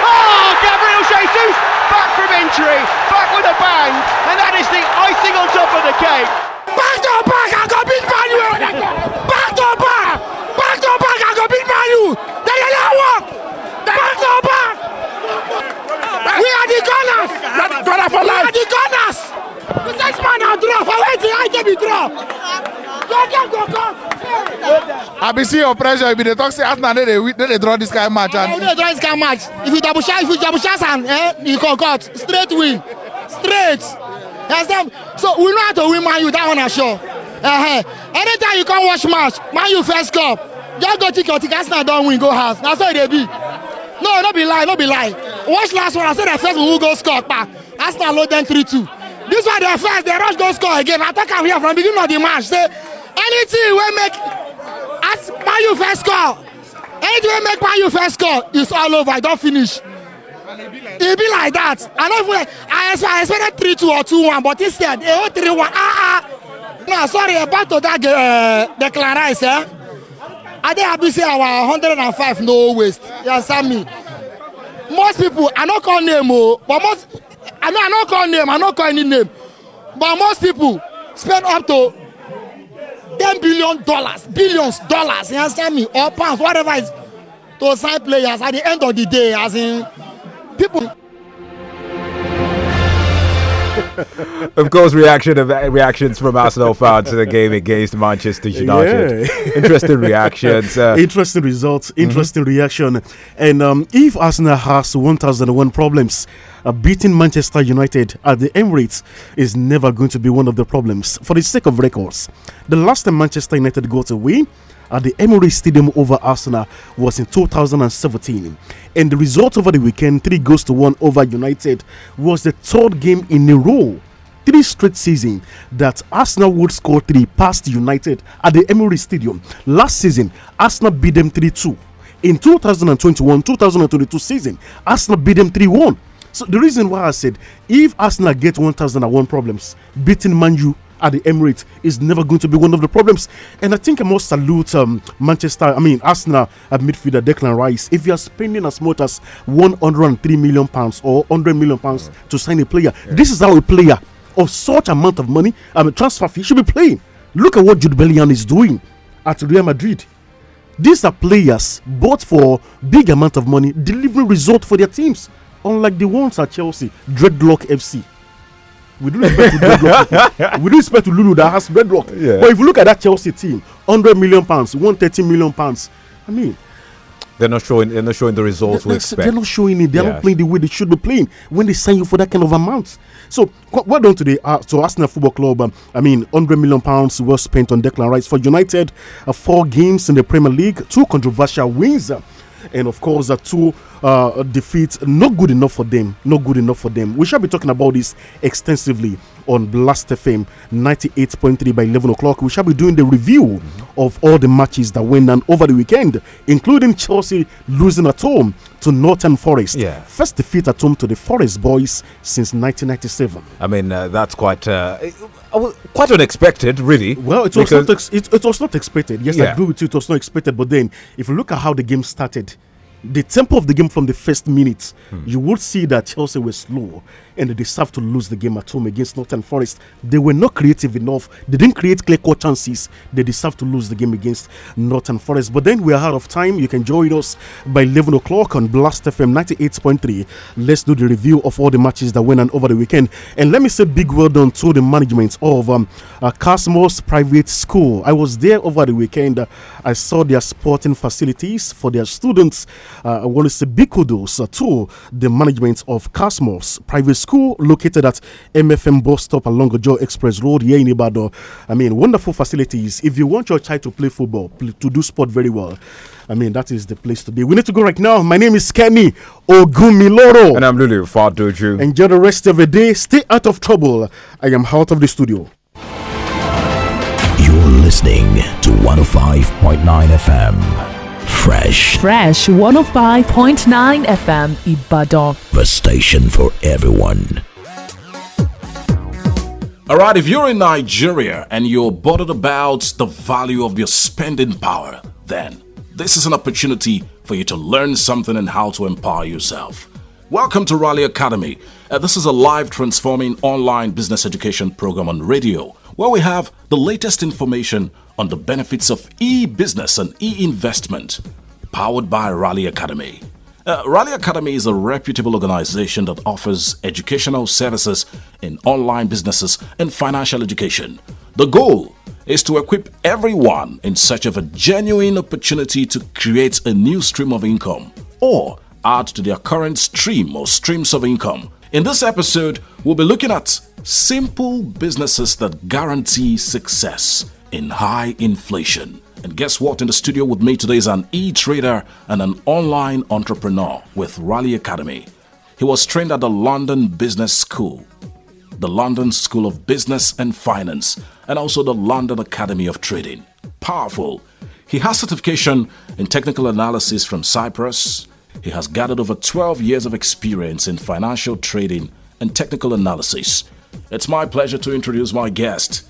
Oh, Gabriel Jesus back from injury, back with a bang, and that is the icing on top of the cake. back to back and go beat Man U. Back to back. Back to back and go beat Man U. They are not work. Back to back. We are the gunners. We are the gunners. The six man are draw. For where the I be draw. Don't get go go. I be see your pressure. If be the talk say Arsenal they they dey dey draw this guy match and. Dey dey draw this guy match. If you double shot, if you double shot, am, eh, you go cut straight win, straight. Understand? So we know how to win Man U. That one I sure. Uh-huh. Anytime you come watch match, Man U first club. Just go take your ticket. Arsenal don win go house. Na so they be. No, no be lie, no be lie. Watch last one. I say the first one will go score. That's not load them three two. This one the first. They rush go score again. I talk am here from beginning of the match. Say anything we make ask Man U first score, anything we make Man U first score It's all over. I don't finish e be like that i no even i expect i expected three two or two one but instead a whole three one ah ah no sorry About to that uh, declan rice eh i dey happy say our hundred and five no waste you understand me most people i no call name o oh, but most i no i no call name i no call any name but most people spend up to ten billion dollars billions dollars you understand me or pounds whatever is to sign players at the end of the day as in people. of course, reaction of eh, reactions from Arsenal fans to the game against Manchester United. Yeah. Interesting reactions. Uh, interesting results. Interesting mm -hmm. reaction. And um, if Arsenal has 1,001 problems, uh, beating Manchester United at the Emirates is never going to be one of the problems. For the sake of records, the last time Manchester United got a win at the Emirates Stadium over Arsenal was in 2017. And the result over the weekend, three goals to one over United, was the third game in a row three straight season that Arsenal would score three past United at the Emirates Stadium. Last season, Arsenal beat them 3 2. In 2021 2022 season, Arsenal beat them 3 1. So the reason why I said if Arsenal get 1001 problems beating Man U at the Emirates is never going to be one of the problems. And I think I must salute um, Manchester, I mean Arsenal at midfielder Declan Rice. If you are spending as much as 103 million pounds or 100 million pounds to sign a player, yeah. this is how a player of such amount of money, I um, mean transfer fee, should be playing. Look at what Jude Bellingham is doing at Real Madrid. These are players bought for big amount of money, delivering result for their teams, unlike the ones at Chelsea, Dreadlock FC with respect to dreadlock, with respect to Lulu that has dreadlock. Yeah. But if you look at that Chelsea team, 100 million pounds, 130 million pounds. I mean, they're not showing. They're not showing the results they, we expect. They're not showing it. They're not playing the way they should be playing when they sign you for that kind of amount. So well done today uh, to Arsenal Football Club. Um, I mean, 100 million pounds were spent on Declan Rice for United. Uh, four games in the Premier League, two controversial wins. Uh, and of course, the two uh, defeats not good enough for them. Not good enough for them. We shall be talking about this extensively on Blast FM 98.3 by 11 o'clock. We shall be doing the review of all the matches that went on over the weekend, including Chelsea losing at home to Northern Forest. Yeah. First defeat at home to the Forest Boys since 1997. I mean, uh, that's quite. Uh, was quite unexpected, really. Well, it was not ex- it, it, was not expected. Yes, yeah. I agree with you. It was not expected. But then, if you look at how the game started, the tempo of the game from the first minute, hmm. you would see that Chelsea were slow and they deserve to lose the game at home against Northern Forest. They were not creative enough. They didn't create clear cut chances. They deserve to lose the game against Northern Forest. But then we are out of time. You can join us by 11 o'clock on Blast FM 98.3. Let's do the review of all the matches that went on over the weekend. And let me say big well done to the management of um, uh, Cosmos Private School. I was there over the weekend. Uh, I saw their sporting facilities for their students. Uh, I want to say big kudos to the management of Cosmos Private School. School located at MFM bus stop along the Joe Express Road here in Ibadan. I mean, wonderful facilities. If you want your child to play football, play, to do sport very well, I mean, that is the place to be. We need to go right now. My name is Kenny Ogumiloro. And I'm Lulu Fadoju. Enjoy the rest of the day. Stay out of trouble. I am out of the studio. You're listening to 105.9 FM. Fresh. Fresh 105.9 FM Ibadan. The station for everyone. All right, if you're in Nigeria and you're bothered about the value of your spending power, then this is an opportunity for you to learn something and how to empower yourself. Welcome to Raleigh Academy. Uh, this is a live transforming online business education program on radio where we have the latest information on the benefits of e-business and e-investment, powered by Raleigh Academy. Uh, Raleigh Academy is a reputable organization that offers educational services in online businesses and financial education. The goal is to equip everyone in search of a genuine opportunity to create a new stream of income or add to their current stream or streams of income. In this episode, we'll be looking at simple businesses that guarantee success in high inflation. And guess what? In the studio with me today is an e trader and an online entrepreneur with Raleigh Academy. He was trained at the London Business School, the London School of Business and Finance, and also the London Academy of Trading. Powerful. He has certification in technical analysis from Cyprus. He has gathered over 12 years of experience in financial trading and technical analysis. It's my pleasure to introduce my guest,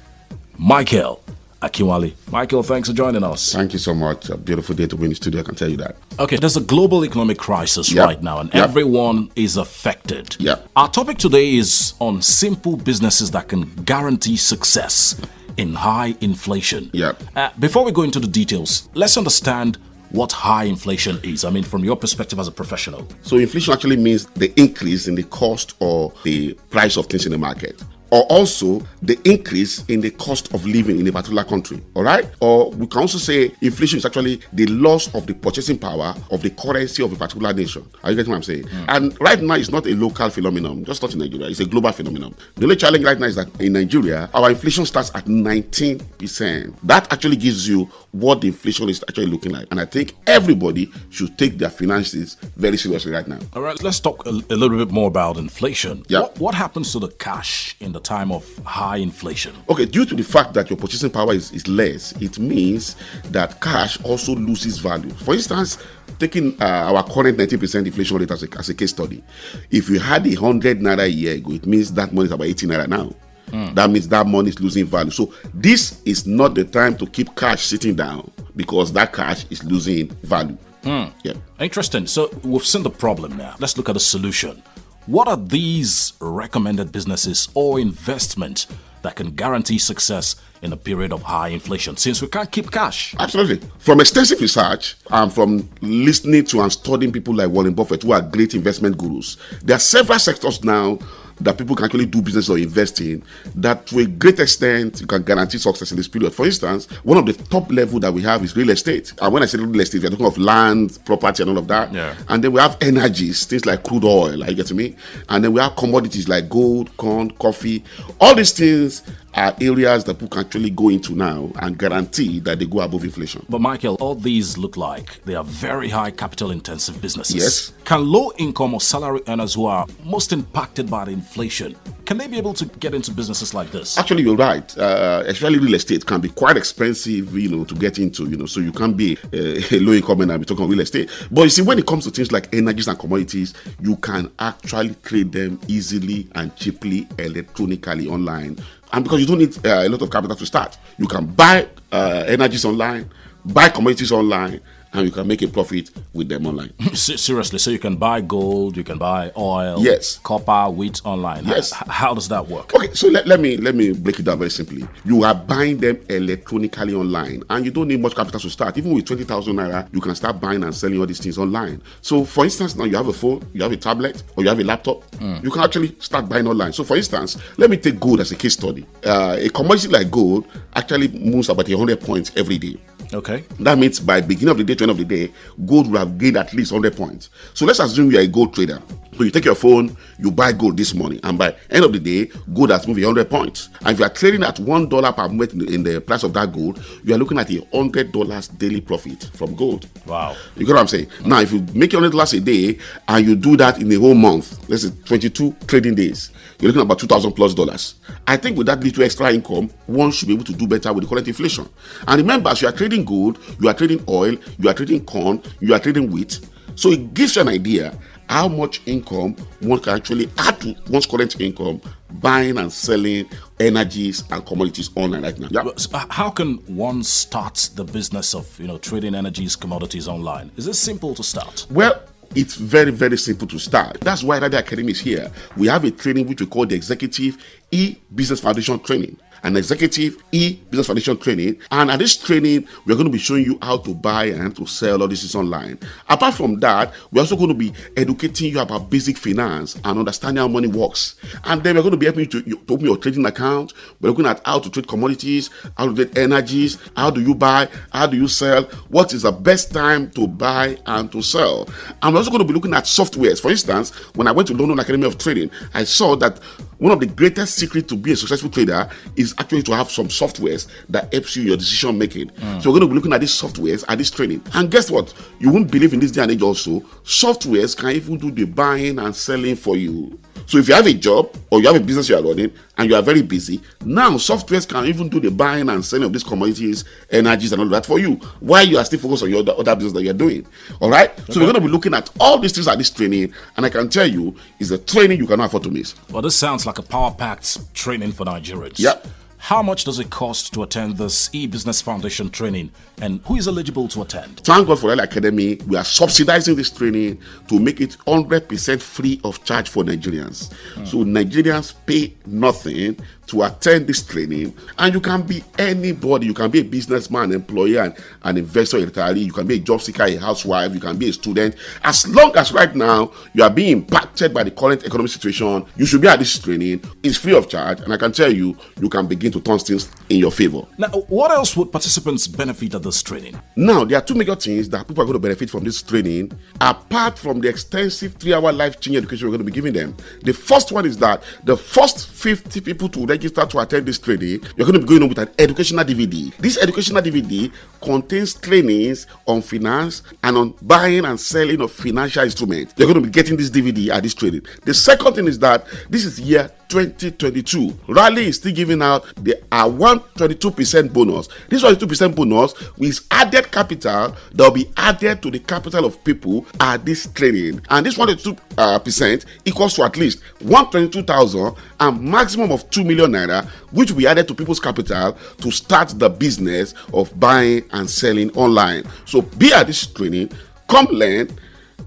Michael Akiwale. Michael, thanks for joining us. Thank you so much. A beautiful day to be in the studio, I can tell you that. Okay, there's a global economic crisis yep. right now, and yep. everyone is affected. Yeah. Our topic today is on simple businesses that can guarantee success in high inflation. Yeah. Uh, before we go into the details, let's understand what high inflation is. I mean, from your perspective as a professional. So, inflation actually means the increase in the cost or the price of things in the market or also the increase in the cost of living in a particular country. All right? Or we can also say inflation is actually the loss of the purchasing power of the currency of a particular nation. Are you getting what I'm saying? Mm. And right now, it's not a local phenomenon, just not in Nigeria, it's a global phenomenon. The only challenge right now is that in Nigeria, our inflation starts at 19%. That actually gives you what the inflation is actually looking like. And I think everybody should take their finances very seriously right now. All right, let's talk a, a little bit more about inflation. Yeah. What, what happens to the cash in the time of high inflation. Okay, due to the fact that your purchasing power is, is less, it means that cash also loses value. For instance, taking uh, our current 90% inflation rate as a, as a case study, if you had a 100 naira a year ago, it means that money is about 80 naira now. Mm. That means that money is losing value. So this is not the time to keep cash sitting down because that cash is losing value. Mm. Yeah. Interesting. So we've seen the problem now. Let's look at the solution. What are these recommended businesses or investments that can guarantee success in a period of high inflation since we can't keep cash? Absolutely. From extensive research and from listening to and studying people like Warren Buffett, who are great investment gurus, there are several sectors now that people can actually do business or invest in that to a great extent you can guarantee success in this period. For instance, one of the top level that we have is real estate. And when I say real estate, we're talking of land, property, and all of that. Yeah. And then we have energies, things like crude oil, I you to me? And then we have commodities like gold, corn, coffee. All these things are areas that people can actually go into now and guarantee that they go above inflation. But Michael, all these look like they are very high capital intensive businesses. Yes. Can low income or salary earners who are most impacted by the inflation, can they be able to get into businesses like this? Actually, you're right. Uh, especially real estate can be quite expensive, you know, to get into, you know, so you can't be a, [LAUGHS] a low income and be talking real estate. But you see, when it comes to things like energies and commodities, you can actually trade them easily and cheaply electronically online and because you don't need uh, a lot of capital to start you can buy uh, energies online buy commodities online and you can make a profit with them online. [LAUGHS] Seriously, so you can buy gold, you can buy oil, yes, copper, wheat online. Yes, how, how does that work? Okay, so let, let me let me break it down very simply. You are buying them electronically online, and you don't need much capital to start. Even with twenty thousand naira, you can start buying and selling all these things online. So, for instance, now you have a phone, you have a tablet, or you have a laptop, mm. you can actually start buying online. So, for instance, let me take gold as a case study. Uh, a commodity like gold actually moves about hundred points every day. Okay. That means by beginning of the day to end of the day, gold will have gained at least 100 points. So let's assume you are a gold trader. So you take your phone, you buy gold this morning, and by end of the day, gold has moved 100 points. And if you are trading at one dollar per minute in, in the, price of that gold, you are looking at a hundred dollars daily profit from gold. Wow! You get what I'm saying? Now, if you make hundred dollars a day and you do that in a whole month, let's say 22 trading days, you're looking at about 2,000 plus dollars. I think with that little extra income, one should be able to do better with the current inflation. And remember, as you are trading gold, you are trading oil, you are trading corn, you are trading wheat. So it gives you an idea how much income one can actually add to one's current income buying and selling energies and commodities online right now. Yeah. So uh, how can one start the business of you know trading energies commodities online? Is it simple to start? Well, it's very very simple to start that's why radio academy is here we have a training which we call the executive e-business foundation training an executive e-business foundation training. And at this training, we're going to be showing you how to buy and to sell all this is online. Apart from that, we're also going to be educating you about basic finance and understanding how money works. And then we're going to be helping you to, you, to open your trading account. We're looking at how to trade commodities, how to trade energies, how do you buy, how do you sell, what is the best time to buy and to sell. And we're also going to be looking at softwares. For instance, when I went to London Academy of Trading, I saw that one of the greatest secrets to be a successful trader is is actually to have some softwares that helps you your decision making. Mm. So we're going to be looking at these softwares at this training. And guess what? You won't believe in this day and age also. Softwares can even do the buying and selling for you. So if you have a job or you have a business you are running and you are very busy, now softwares can even do the buying and selling of these commodities, energies, and all that for you while you are still focused on your other, other business that you're doing. All right. Okay. So we're going to be looking at all these things at this training, and I can tell you, it's a training you cannot afford to miss. Well, this sounds like a power packed training for Nigerians. Yep. How much does it cost to attend this e-business foundation training and who is eligible to attend? Thank God for Royal Academy. We are subsidizing this training to make it 100% free of charge for Nigerians. Mm. So Nigerians pay nothing to attend this training and you can be anybody you can be a businessman employer and an investor entirely. you can be a job seeker a housewife you can be a student as long as right now you are being impacted by the current economic situation you should be at this training it's free of charge and i can tell you you can begin to turn things in your favor now what else would participants benefit at this training now there are two major things that people are going to benefit from this training apart from the extensive three-hour life-changing education we're going to be giving them the first one is that the first 50 people to register to attend this training, you're going to be going with an educational DVD. This educational DVD contains trainings on finance and on buying and selling of financial instruments. You're going to be getting this DVD at this training. The second thing is that this is year 2022. Rally is still giving out the a 122% bonus. This 22% bonus is added capital that will be added to the capital of people at this training. And this 122% uh, percent equals to at least 122,000 and maximum of 2 million naira, which we added to people's capital to start the business of buying and selling online. So be at this training, come learn,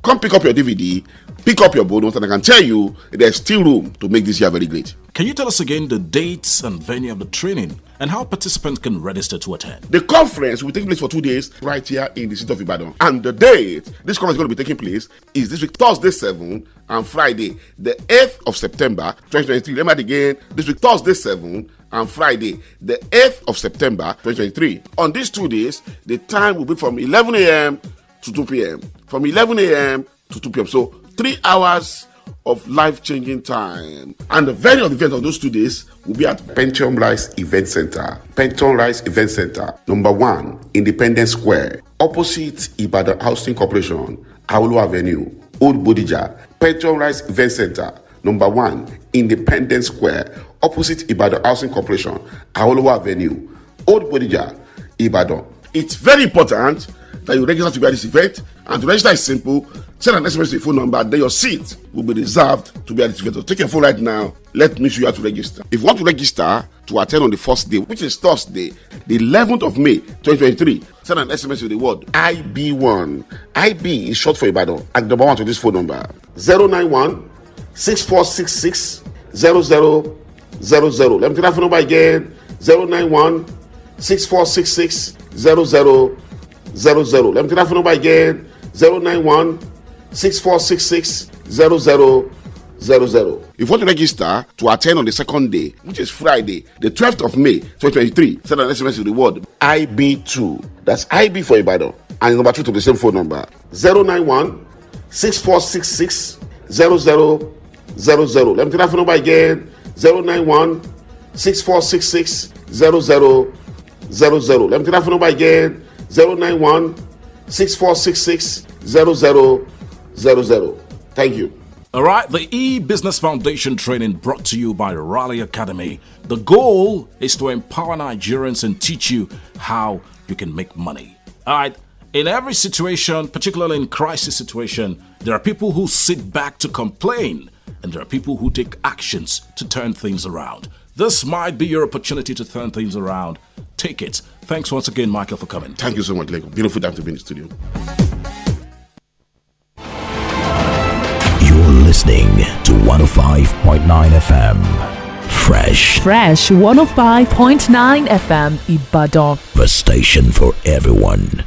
come pick up your DVD pick up your bonus, and I can tell you there's still room to make this year very great. Can you tell us again the dates and venue of the training and how participants can register to attend? The conference will take place for two days right here in the city of Ibadan. And the date this conference is going to be taking place is this week, Thursday 7 and Friday, the 8th of September 2023. Remember again, this week, Thursday 7 and Friday, the 8th of September 2023. On these two days, the time will be from 11 a.m. to 2 p.m. From 11 a.m. to 2 p.m. So three hours of life-changing time. And the venue of the event of those two days will be at Pentium Rise Event Center. Pentium Rise Event Center, number one, Independence Square, opposite Ibadan Housing Corporation, Aulu Avenue, Old Bodija. Pentium Rise Event Center, number one, Independence Square, opposite Ibadan Housing Corporation, Aulu Avenue, Old Bodija, Ibadan. It's very important that you register to be at this event. And to register is simple. Send an SMS to your phone number, then your seat will be reserved to be at this event. So take your phone right now. Let me show you how to register. If you want to register to attend on the first day, which is Thursday, the 11th of May, 2023, send an SMS with the word IB1. IB is short for Ibadan. And number one to this phone number 091 Let me tell that phone number again 091 6466 Zero zero. Let me take that phone number again zero zero zero. If you want to register to attend on the second day, which is Friday, the 12th of May 2023, send an SMS to the word IB2. That's IB for Ibadan. And number two to the same phone number 091 6466 0000. Let me take that phone number again 091 6466 0000. Let me take that phone number again 091 0000. Thank you. All right, the E Business Foundation training brought to you by Raleigh Academy. The goal is to empower Nigerians and teach you how you can make money. All right, in every situation, particularly in crisis situation, there are people who sit back to complain and there are people who take actions to turn things around. This might be your opportunity to turn things around. Take it. Thanks once again, Michael, for coming. Thank you so much, Lego. Beautiful time to be in the studio. You're listening to 105.9 FM. Fresh. Fresh 105.9 FM Ibadan. The station for everyone.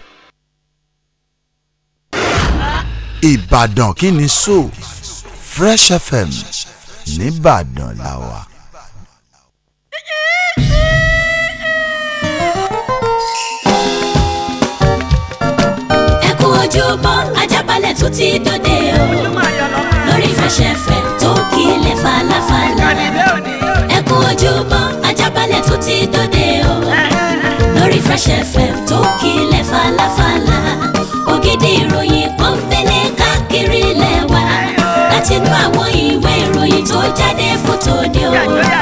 Ibadan kini so Fresh FM Nìbàdàn làwà. ìkàlẹ̀ tó ti dòde o lórí fẹsẹ̀fẹ̀ tó kílẹ̀ falafala ẹ kú ojúmọ́ ajábalẹ̀ tó ti dòde o lórí fẹsẹ̀fẹ̀ tó kílẹ̀ falafala ògidì ìròyìn kan fẹ́lẹ́ káàkiri lẹ́wà látinú àwọn ìwé ìròyìn tó jáde fótó ni o.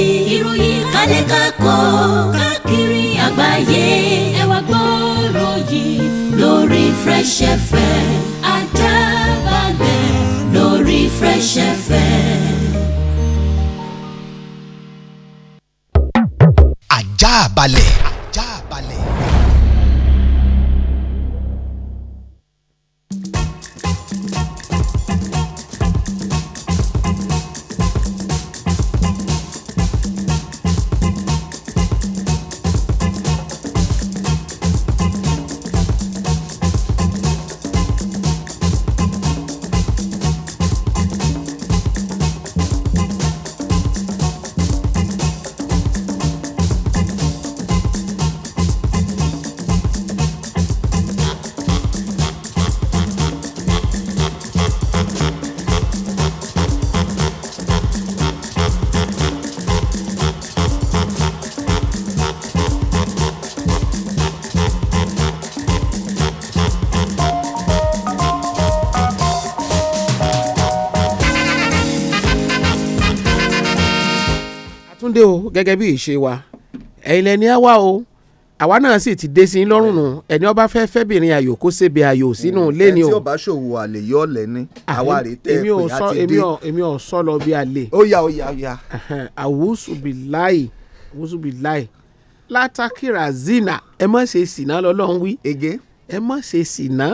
Caixa FM. gẹ́gẹ́ bí ìṣe wa ẹ̀yin lẹni á wá o àwa náà sì ti dé sí i lọ́rùn nù ẹni ọba fẹ́ fẹ́bìnrin ayò kó ṣèbí ayò sínú mm. ilé ni o. ẹni tí ò bá ṣòwò àlè yọ lẹ́ni àwa rè tẹ́ ẹ pé àti dé. èmi ò sọ lọ bí àlè. ó yá ó yá ó yá. àwùsùbìláì àwùsùbìláì látàkìrà zina ẹ má ṣe sìnà lọ́lọ́run wí. ege. ẹ má ṣe sìnà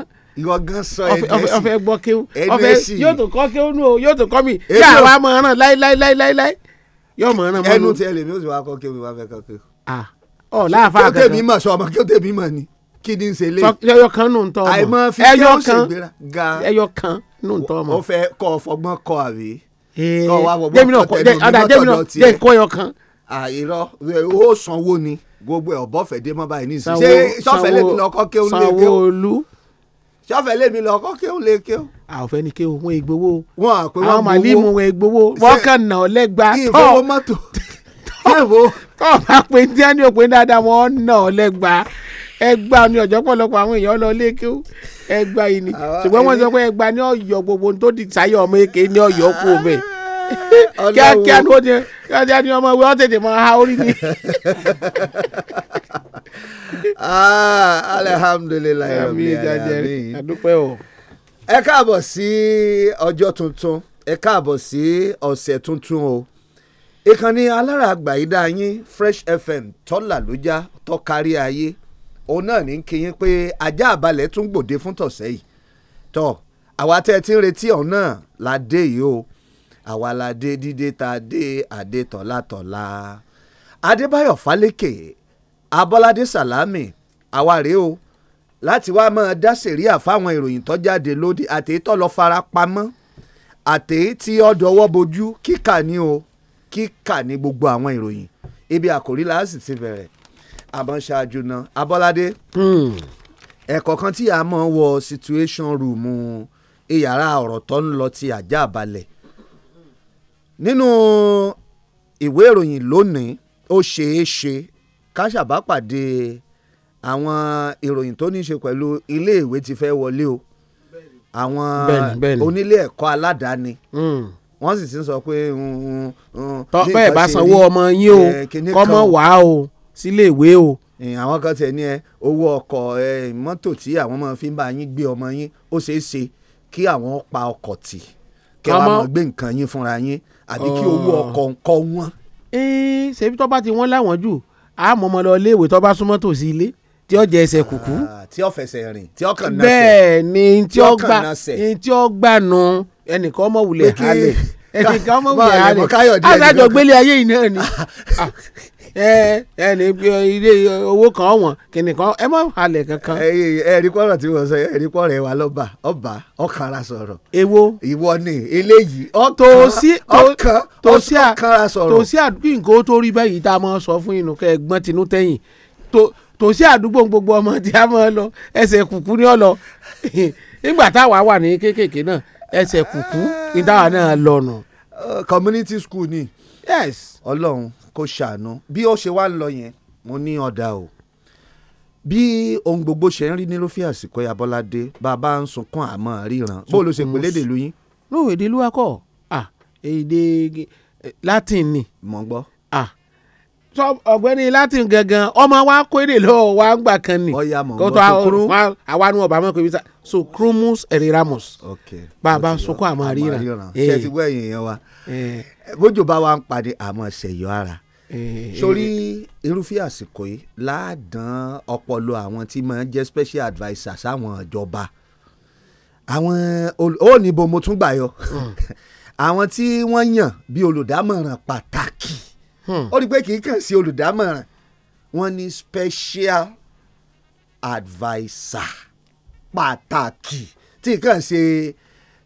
gangan sọ ẹdẹsì ọfẹ gbọ́ kéwù ọfẹ yóò tún kọ́ kéwù nù o yóò tún kọ́ mi yàrá wa mọ ọràn láíláíláíláí yóò mọ̀ ọ́nà mọ́nu. ẹnu tiẹ̀ lèmi ó sì wá kọ́ kí omi wá fẹ́ kọ́ kí. ọ láàfáà kankan kí o tèmi mọ̀ sọ ọmọ kí o tèmi mọ̀ ni kí ni n ṣe lé. ẹyọ kan nù ń tọ́ ọmọ àìmọ́ fi kí o ṣe gbéra gan. ẹyọ kan nù ń tọ́ ọmọ. ó fẹ́ kọ́ ọfọgbọ́n kọ àwé. kọ́ eh, wa fọgbọ́n kọ tẹnu mi lọ́tọ̀ lọ́tì àìrọ ó sanwó ni gbogbo ẹ ọbọ fẹdé mọ báyìí nísìnyí. ṣé sọfẹ lèmi lọkọ kéwòn lè kéwòn sọfẹ lèmi lọkọ kéwòn lè kéwòn àwòfẹ́ ni kí wọ́n egbowó wọn àpè wọn gbowó àwọn màlímù wọn egbowó wọn kàn nà ọ́ lẹ́gba tọ́ [LAUGHS] tọ́ bá pe díẹ̀ ní òpin dáadáa wọn nà ọ́ lẹ́gba ẹgba ni ọjọ́ pọ̀lọpọ̀ àwọn èèyàn lọ lékè ó ẹgba yìí ni ṣùgbọ́n wọ́n sọ pé ẹgba ni ọ̀yọ́ gbogbo tó di sáyọ̀ ọmọ èké ni ọ̀yọ́ kú bẹ́ẹ̀ kíákíá ni ó ti kíákíá ni ọmọ ìwé ọ̀ tètè mọ ha orí ni. [LAUGHS] Ah, alhamdulilayi rabi alamin o ẹ káàbọ̀ sí ọjọ́ tuntun ẹ káàbọ̀ sí ọ̀sẹ̀ tuntun o ìkànnì alárààgbà ìdá yín Fresh FM tọ́là ló já tọ́kárí ayé òun náà ní kí yín pé ajá àbálẹ̀ tún gbòde fún tọ̀sẹ̀ yìí tọ́ àwa tẹ́ ẹ ti ń retí ọ̀hún náà la dé yìí o àwa la dé dídé ta dé àdé tọ̀látọ̀lá Adébáyọ̀ Fálékè Abọ́ládé Sàlámì àwa rèé o láti wá máa dá sẹ̀ríà fáwọn ìròyìn tó jáde lóde àtẹ̀yí tó lọ fara pamọ́ àtẹ̀yí tí ọ̀dọ̀wọ́ bojú kíkà ní o kíkà ní gbogbo àwọn ìròyìn ibi àkòrí la sì ti bẹ̀rẹ̀ àmọ́ ṣáájú náà abọ́ládé hmm. ẹ̀kọ́ kan tí a mọ̀ wọ situation room ìyàrá ọ̀rọ̀ tó ń lọ ti àjà àbálẹ̀ nínú ìwé ìròyìn lónìí ó ṣeé ṣe ká ṣàbápàdé àwọn ìròyìn tó ní í ṣe pẹ̀lú iléèwé ti fẹ́ wọlé o àwọn onílé ẹ̀kọ́ aládàáni hmm. wọ́n sì ti sọ pé. tọ́pẹ́ ẹ̀ bá sanwó ọmọ yín o eh, kọ́mọ wá o síléèwé o eh, àwọn kan tiẹ̀ ní ẹ eh, owó ọkọ̀ mọ́tò tí àwọn máa fi ń bá yín gbé ọmọ yín ó ṣeé ṣe kí àwọn pa ọkọ̀ tì kí wọ́n máa gbé nǹkan yín fúnra yín àbí kí owó oh. ọkọ̀ ńkọ́ wọ́n. ṣebí tó bá ti wọ́n láwọn jù àmọ́ ọmọ lọ ilé tó bá súnmọ́ tòsí ilé tí ó jẹ ẹsẹ̀ kùkú. Ah, tí ó fẹsẹ̀ rìn tí ó kàn náà sẹ̀. bẹ́ẹ̀ ni tí ó gbà ni tí ó gbà nù ẹnìkan ọmọ wulẹ̀ halẹ̀ [LAUGHS] ẹnìkan ọmọ wulẹ̀ halẹ̀ adájọ́ gbélé ayé yìí náà ni [LAUGHS] ah, ẹni ilé owó kan ọ̀wọ́n kìnìkan ẹ mọ̀ halẹ̀ kankan. ẹ̀rí kọ́rọ̀ tí mo sọ ẹ̀rí kọ́rọ̀ ẹ̀ wá lọ́ba ọba ọ̀kara sọ̀rọ̀. èwo ìwọ ni eléyìí ọkàn ọkàn ọkàn sọ̀rọ̀. tòsí àdúgbò nǹkan tó rí báyìí tá a máa sọ fún inú kẹ́ ẹ gbọ́n tinú tẹ́yìn tòsí àdúgbò gbogbo ọmọ tí a máa lọ ẹsẹ̀ kùkú ní ọ̀lọ́ nígbà táwa wà ní kéékèèké náà ẹsẹ̀ kùkú ní táwa náà lọ́nà. Eh, community school ni. yes. ọlọ́run kò ṣàánú bí ó ṣe wá ń lọ yẹn mo ní ọ̀dà o bí ohun gbogbo ṣe ń rí ní ló fi àsìkò abọ́ládé bàbá ń sunkún àmọ́ ríran bó ló ṣe pè lédè lóyún. lóòwèdè lúwakọ̀ à èdè eh, latin ni. mọ̀ ń gbọ́ ọ̀gbẹ́ni láti gangan ọmọ wa kórè lọ́wọ́ wa ń gbà kan ni kótó àwa ni ọba mọ̀ kò so chromus eriramus bàbá sunkún àmọ́ ríra. ṣe ti wọ ẹ̀yìn yẹn wa eh. bójú bá wa ń pàdé àmọ́ ṣẹ̀yọ́ ara eh. sórí irúfẹ́ àsìkò yìí láàdán ọpọlọ àwọn tí máa ń jẹ́ special adviser sáwọn ìjọba àwọn ó ní bo mo tún gbà yọ hmm. [LAUGHS] àwọn tí wọ́n yàn bí olùdámọ̀ràn pàtàkì Hmm. ó rí i pé kì í kàn sí olùdámọ̀ràn wọ́n ní special adviser pàtàkì tí kàn ṣe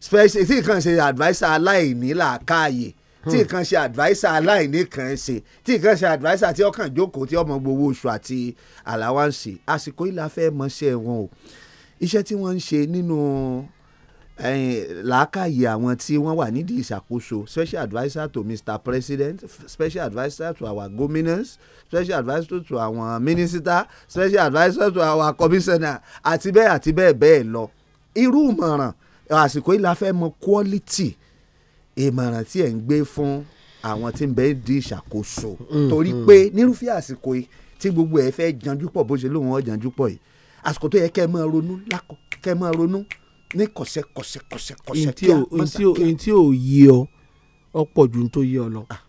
special tí kàn ṣe adviser aláìní làákàyè hmm. tí kàn ṣe adviser aláìní kàn ṣe tí kàn ṣe adviser tí ọkàn jókòó tí ọmọ gbowó oṣù àti àláwáǹsì àsìkò yìí la fẹ́ mọṣẹ́ wọn o iṣẹ́ tí wọ́n ń ṣe nínú làákàyè àwọn tí wọ́n wà nídìí ìṣàkóso special adviser to Mr. President special adviser to our governors special adviser to our minister special adviser to our commissioner àti bẹ́ẹ̀ àti bẹ́ẹ̀ bẹ́ẹ̀ lọ irú ìmọ̀ràn àsìkò yìí la fẹ́ mọ quality ìmọ̀ràn tí ẹ̀ ń gbé fún àwọn tí ń bẹ́ẹ̀ di ìṣàkóso mm, torí mm. pé nírúfẹ́ àsìkò yìí tí gbogbo ẹ̀ fẹ́ janjú pọ̀ bó ṣe lóun ọ̀ janjú pọ̀ yìí àsìkò tó yẹ kẹ́ ẹ máa ronú lákọ̀ kẹ́ ẹ máa ronú ní kọsẹ̀ kọsẹ̀ kọsẹ̀ kọsẹ̀ kí a má ta kí a. ntí ò yí ọ ọ̀pọ̀ ju tó yí ọ lọ ah,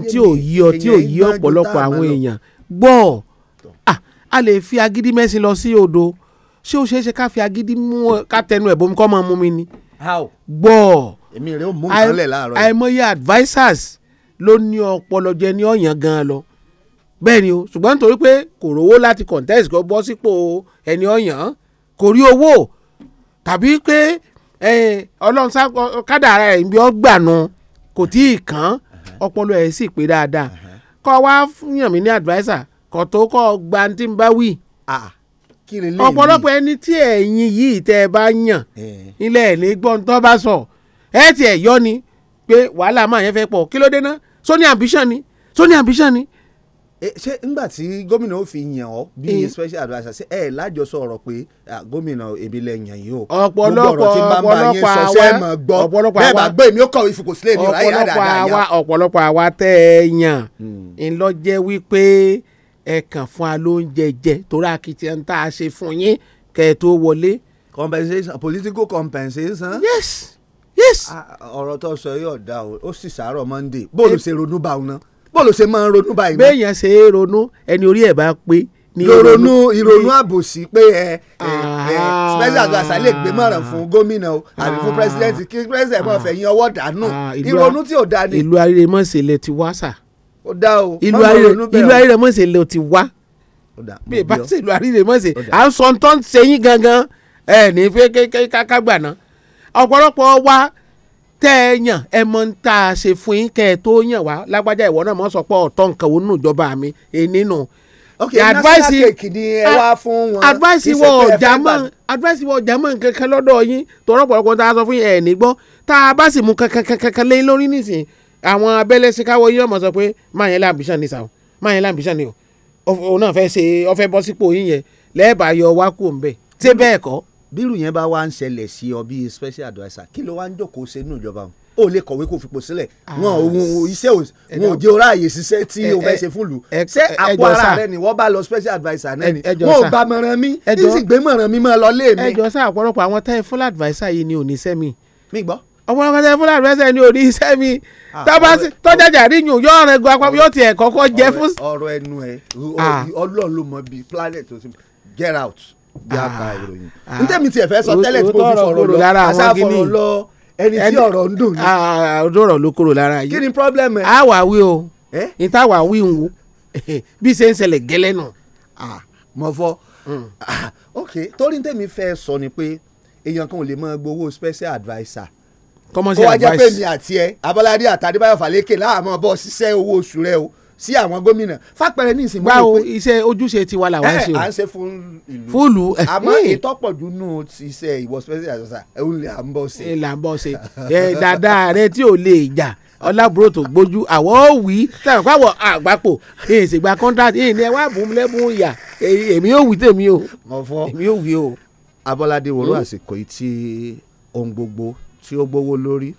ntí ò yí ọ tí ò yí ọ̀pọ̀lọpọ̀ àwọn èèyàn gbọ́ ah, a lè fi agídí mẹ́sìn lọ sí odò ṣé ó ṣeé ṣe ká fi agídí mú ká tẹnu ẹ̀ bomi kọ́ máa mú mi ni gbọ́ èmi rẹ ó mú nǹkan lẹ̀ láàárọ̀ yìí. àìmọye advisers ló ní ọpọlọ jẹ ní ọ̀yàn gan lọ bẹ́ẹ̀ o ṣùgbọ́n nítorí pé kò rówó láti contest kó bọ́ sípò ẹni ọ̀yàn kò rí owó tàbí pé ọlọ́run sá kádàrá ẹ̀ bí ó gbànú kò tí ì kàn uh-huh. ọpọlọ ẹ̀ sì pé dáadáa uh-huh. kọ́ wá yàn mí ní adviser kò tó kọ́ gba tí n bá wí ọ̀pọ̀lọpọ̀ ẹni tí ẹ̀yin yìí tẹ́ ẹ bá yàn ilẹ̀ ẹ̀ ní gbọ́n tó bá sọ ẹ tiẹ̀ yọ ni pé wàhálà máa yẹn fẹ́ pọ̀ kí ló dé ná sóní ambition ni sóní ambition ni Eh, ṣé nígbà tí gómìnà ó fi yàn ọ́ bí eh. special adviser ṣe ẹ lájọsọ ọ̀rọ̀ pé gómìnà èmi lẹ yàn yìí o ọ̀pọ̀lọpọ̀ ọ̀pọ̀lọpọ̀ àwa ọ̀pọ̀lọpọ̀ àwa bẹ́ẹ̀ bá gbé mi ó kọ̀wé ìfipò sílẹ̀ mi ráyè àdáadáa ọ̀pọ̀lọpọ̀ àwa tẹ́ ẹ yàn hmm. ńlọjẹ wípé ẹ kàn fún wa lóúnjẹ jẹ torí akitiyan tá a ṣe fún yín kẹ ẹ tó wọlé. compensation political compensation. yes yes. ọ̀rọ̀ tó sọ yóò dá o ó sì sàárọ̀ monday bóòlù ṣe ronú báwọn náà bọ́ọ̀lù ṣe máa ń ronú báyìí. béèyàn ṣe é ronú ẹni orí ẹ̀ bá pé ní ìrònú ìrònú àbòsí pé ẹ ẹ ah. special gbàsá lè gbé mọ̀ràn fún gómìnà o àbí fún ah. president kí president mọ̀ fẹ̀yìn ọwọ́ dànù ah, ìrònú tí ò da ni. ìlú ayémọ̀sẹ̀lẹ̀ ti wá sà. ó dá o ìlú ayémọ̀sẹ̀lẹ̀ ti wá. bí ìbá ṣe ìlú ayémọ̀sẹ̀ à ń sọ tó ń ṣe yín gangan ẹ ní fẹ́ kágbà náà ọ̀pọ̀lọpọ̀ wa tẹ́ ẹ yàn ẹ mọ ń tá a ṣe fún yín kẹ́ ẹ tó yàn wá lágbájá ìwọ náà mọ̀ sọ pé ọ̀tọ̀ nǹkan wo nínú ìjọba mi èyí ok advice cake ni ẹ wá fún wọn. advice wọ ọjà mọ advice wọ ọjà mọ nǹkan kan lọ́dọ̀ yín tọrọ pọ̀lọpọ̀ tá a sọ fún yín ẹ̀ ní gbọ́ tá a bá sì mú kankan kankan lé lórí nísìnyí àwọn abẹ́lẹ́ sikáwọ́ yín ọmọ sọ pé máa yẹn láàbíṣàn ni sàó máa yẹn láàbíṣàn ni o òun náà fẹ́ ṣe ọfẹ́ bọ́ sípò yín yẹn lẹ́ẹ̀bà yọ wákùú ń bẹ̀ ṣé bẹ́ẹ̀ kọ́ bírù yẹn bá wá ń ṣẹlẹ̀ sí ọ bíi special advisor kí ló wá ń jókòó ṣe nínú ìjọba wọn ó lè kọ̀wé kó fipò sílẹ̀ wọn òun iṣẹ́ ah, wọn ò jẹ́ ọ̀rọ̀ àyè ṣiṣẹ́ tí o fẹ́ ṣe fún ṣé àpò ara rẹ ni wọ́n bá lọ special advisor náà ni wọn ò gba mọ̀ràn mi ní sì gbé mọ̀ràn mi mọ́ lọ lé mi. ẹjọ sá àpọ̀lọpọ̀ àwọn tẹ́ full advisor yìí ni ò mi. mi gbọ́. ọ̀pọ̀lọpọ̀ tẹ́ full adviser ni ò mi ah, tọ́jàjà ríyùn yóò rẹ̀ gun apá yóò tiẹ̀ kọ́kọ́ jẹ́ fún. ọ̀rọ̀ ẹnu ẹ ah. ọlọ́run ló mọ bíi planet get out bí a ka ah, ìròyìn ah. n tẹ́mi tiẹ̀ fẹ́ sọ tẹ́lẹ̀ tí mo fi fọ̀rọ̀ lọ àṣà fọ̀rọ̀ lọ ẹni tí ọ̀rọ̀ ń dùn ní. Ah, ọ̀rọ̀ ló kúrò lára yìí kí ni problem ẹ. a wà wí o n ta wà wí n wo [LAUGHS] bí ṣe ń ṣẹlẹ̀ gẹ́lẹ́ nù. mo fọ hmm. ok torí n tẹ́mi fẹ́ sọ ni pé èèyàn kan ò lè máa gbowó special adviser commercial advice kó wá jẹ́ pé mi àti ẹ abọ́ládé àtàdébáyọ̀ fàlékè láàmú ọbọ̀ ṣiṣẹ́ owó oṣù rẹ o sí àwọn gómìnà fàpẹrẹ ní ìsìn. báwo iṣẹ́ ojúṣe tiwa làwọn eh, ṣe o. ẹ à ń ṣe fún ìlú. fún ìlú. Eh, àmọ́ ìtọ́pọ̀jù nù iṣẹ́ ìwọ special adviser òun là ń bọ̀ ṣe. ẹ là ń bọ̀ ṣe ẹ dáadáa rẹ tí ò lè jà ọlábùrò tó gbójú àwọ̀ wí táwọn pàwọ̀ àgbàpọ̀ èyí sì gba contract èyí ni ẹ wá bùn lẹ́bùn yà èmi ò wí tèmi o èmi ò wí o. Abọ́ládé wo ló àsìkò yìí tí ohun gbogbo tí ó gbówó lórí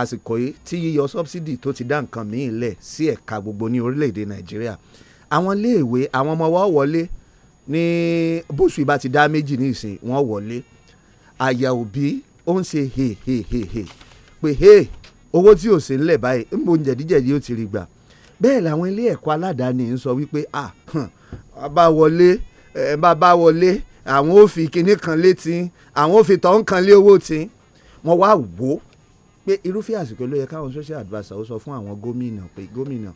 àsìkò yìí tí yíyọ sọ́bsidì tó ti dá nǹkan míì lẹ̀ sí ẹ̀ka gbogbo ní orílẹ̀-èdè nàìjíríà àwọn iléèwé àwọn ọmọ wa wọlé ní bóṣù ìbá ti dá méjì ní ìsìn wọ́n wọlé àyà òbí ó ń ṣe he he he he pé he owó tí ò sí ńlẹ̀ báyìí ń bo jẹ̀díjẹ̀dí ó ti rí gbà bẹ́ẹ̀ làwọn ilé ẹ̀kọ́ aládàáni ń sọ wípé ah bá wọlé bá bá wọlé àwọn ò fi kinní kan létí àwọn ò fi tọ́ ń kan lé owó tí wọ́n wá wò ó pé irúfẹ́ àsìkò ló yẹ káwọn social adviser ó sọ fún àwọn gómìnà pé gómìnà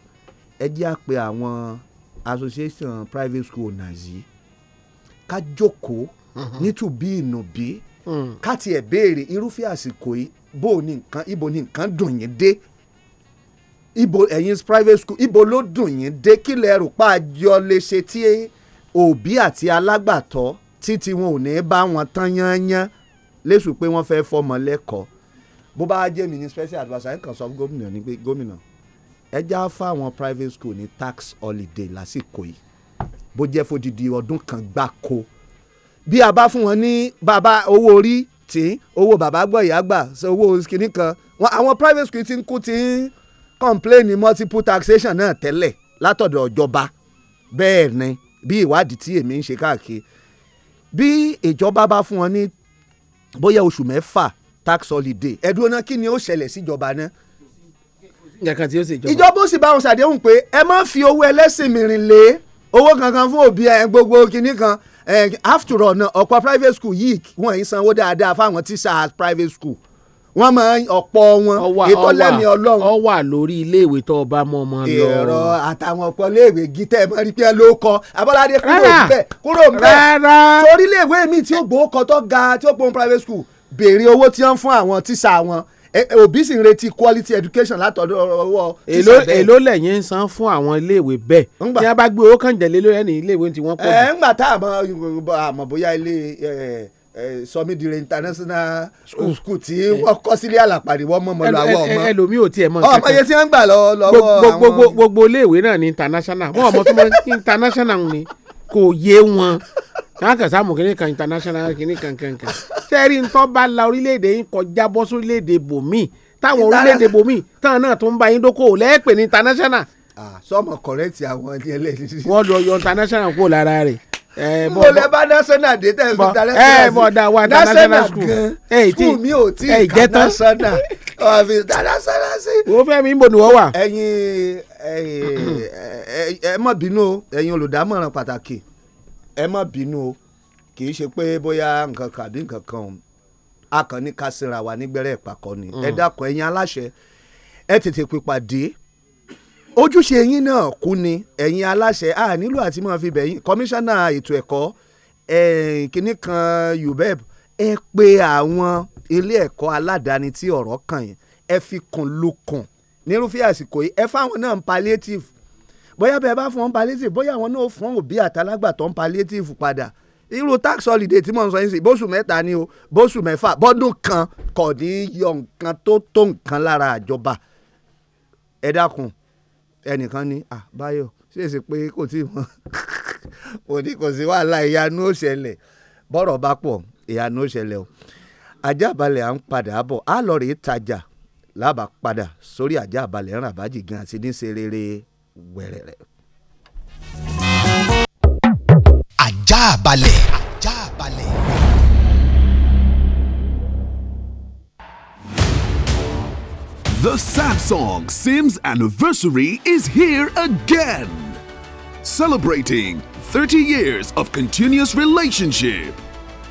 ẹ jẹ́ à pé àwọn association private school nazi, yìí ká jókòó mhm. nítùbí ìnùbí hmm. ká tiẹ̀ béèrè irúfẹ́ àsìkò yìí bó ni nǹkan ibo ni nǹkan dùn yín dé ibo ẹ̀yin private school ibo ló dùn yín dé kí lẹ rò pa àjọ lè ṣe tí òbí àti alágbàtọ́ títí wọn ò ní bá wọn tán yányán lẹ́sùn pé wọ́n fẹ́ fọmọ lẹ́kọ̀ọ́ bó bá jẹ́ mi ní special adviser nǹkan sọ fún gómìnà ni pé gómìnà ẹ já fáwọn private school ní tax holiday lásìkò yìí bó jẹ́ fódìdí ọdún kan gbáko bí a bá fún wọn ní bàbá owó orí tí owó bàbá gbọ́ ìyá gbà owó kìíní kan àwọn private school ti ń kú ti ń complain multiple taxation náà tẹ́lẹ̀ látọ̀dọ̀ ìjọba bẹ́ẹ̀ ni bí ìwádìí tí èmi ń ṣe káàkiri bí ìjọba bá fún wọn ní bóyá oṣù mẹ́fà tax holiday ẹ̀dùn ọ̀nà kí ni ó ṣẹlẹ̀ síjọba náà. nǹkan tí ó ṣe ìjọba. ìjọba ó sì bá wọn ṣàdéhùn pé ẹ má fi owó ẹlẹ́sìn mìíràn lé owó kankan fún òbí ẹ gbogbo kinní kan after all náà ọ̀pọ̀ private school yìí wọ́n ń sanwó dáadáa fáwọn tíṣà private school wọ́n máa ń ọ̀pọ̀ wọn ètò lẹ́mìí ọlọ́run. ọ wà lórí iléèwé tó o bá mọ ọmọ lọ. èrò àtàwọn ọ̀pọ̀ iléèwé gítẹ́ ẹ̀ máa rí pé ló kọ abọ́ládé kúrò ń bẹ̀ kúrò ń bẹ̀ torí iléèwé mi tí ó gbowó kọ tó ga tí ó gbóhùn private school béèrè owó tí wọ́n fún àwọn tíṣà wọn òbí sì ń retí quality education látọ̀dọ̀ ọwọ́ tíṣà bẹ́ẹ̀. èló lẹ́yìn ń san fún àwọn iléèwé bẹ́ẹ̀ tí wọ́n bá gbé owó kànjẹ́ lé lórí ẹni iléèwé tí wọ́n pọ̀ jù. ẹ ńgbà tá àmọ́ bóyá ilé sọmídìrẹ international school school tí wọ́n kọ́ sílé àlàpà ni wọ́n mọ̀ mọ́ lọ àwọn ọmọ ẹlòmíì ò tiẹ̀ mọ̀ nǹkan ọmọ iye tí wọ́n ń gbà lọ́wọ́ àwọn. gbogbo iléèwé náà ni international wọ́n ọmọ tó mọ international ni kò yé wọn kankan sáàmù kìnìún kan international kìnìún kan kankan sẹ́ẹ̀rì ńtọ́ bá la orílẹ̀-èdè yín kọjá bọ́ sórílẹ̀-èdè bòmíì táwọn orílẹ̀-èdè bòmíì táwọn náà tó ń bá yín dókòwò lẹ́ẹ̀pẹ̀ ní international. sọmọ kọrẹtì àwọn ní ẹlẹ́yìn. wọ́n lọ yọ international kúrò lára rẹ̀. mo lè bá national dé tẹ̀ fi dalẹ́ sí bọ̀dà wa international school school mi ò tí ì ka national ọ̀fi international sí. wo fẹ́ mi ń bò ní wọ́n wà. ẹ̀yin ẹ má bínú o ẹ̀yin olùdámọ̀ràn pàtàkì ẹ má bínú o kì í ṣe pé bóyá nǹkan kan àbí nǹkan kan a kàn ní ká sinra wa nígbẹ́rẹ́ ìpàkọ́ ni ẹ mm. dákun ẹ̀yin aláṣẹ ẹ tètè pípàdé ojúṣe yín náà kú ni ẹ̀yin aláṣẹ a nílò àti máa fi bẹ̀yìn kọmíṣánná ètò ẹ̀kọ́ kínní kan UBEB e ẹ pé àwọn ilé ẹ̀kọ́ aládàáni tí ọ̀rọ̀ kàn yín ẹ fi kùn lukùn nírúfẹ́ àsìkò yìí ẹ fáwọn náà palliative bóyá bẹ́ẹ̀ bá fún wọn palliative bóyá àwọn náà fún òbí àtàlágbàtọ́ ń palliative padà irú tax holiday tí mò ń sọ yín sí bóṣù mẹ́ta ni o bóṣù mẹ́fà bọ́dún kan kò ní í yọ nǹkan tó tó nǹkan lára àjọba ẹ dákun ẹnìkan ní àbáyọ ṣèṣe pé kò tí ì mọ òní [LAUGHS] kò sí wàhálà ìyanu ó bọ́rọ̀ bá pọ̀ ìyanu ó o ajá balẹ̀ à ń padà bọ̀ á lọ rèé tajà lábàá padà sórí ajá balẹ̀ ń rà bájì gan àti ní ṣe rere. wẹ̀rẹ̀rẹ̀. ajá balẹ̀. ajá balẹ̀. The Samsung Sims anniversary is here again. Celebrating 30 years of continuous relationship.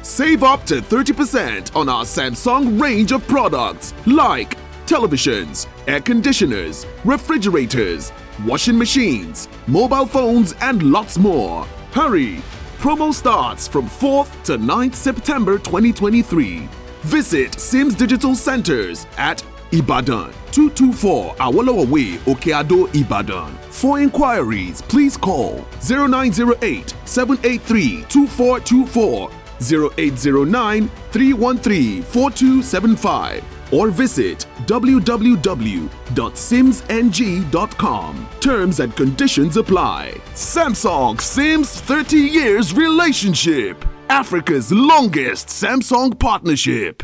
Save up to 30% on our Samsung range of products like televisions, air conditioners, refrigerators, washing machines, mobile phones, and lots more. Hurry! Promo starts from 4th to 9th September 2023. Visit Sims Digital Centers at Ibadan, 224 Awolowo Way, Okeado, Ibadan. For inquiries, please call 0908 783 2424, 0809 313 4275 or visit www.simsng.com. Terms and conditions apply. Samsung Sims 30 Years Relationship, Africa's longest Samsung partnership.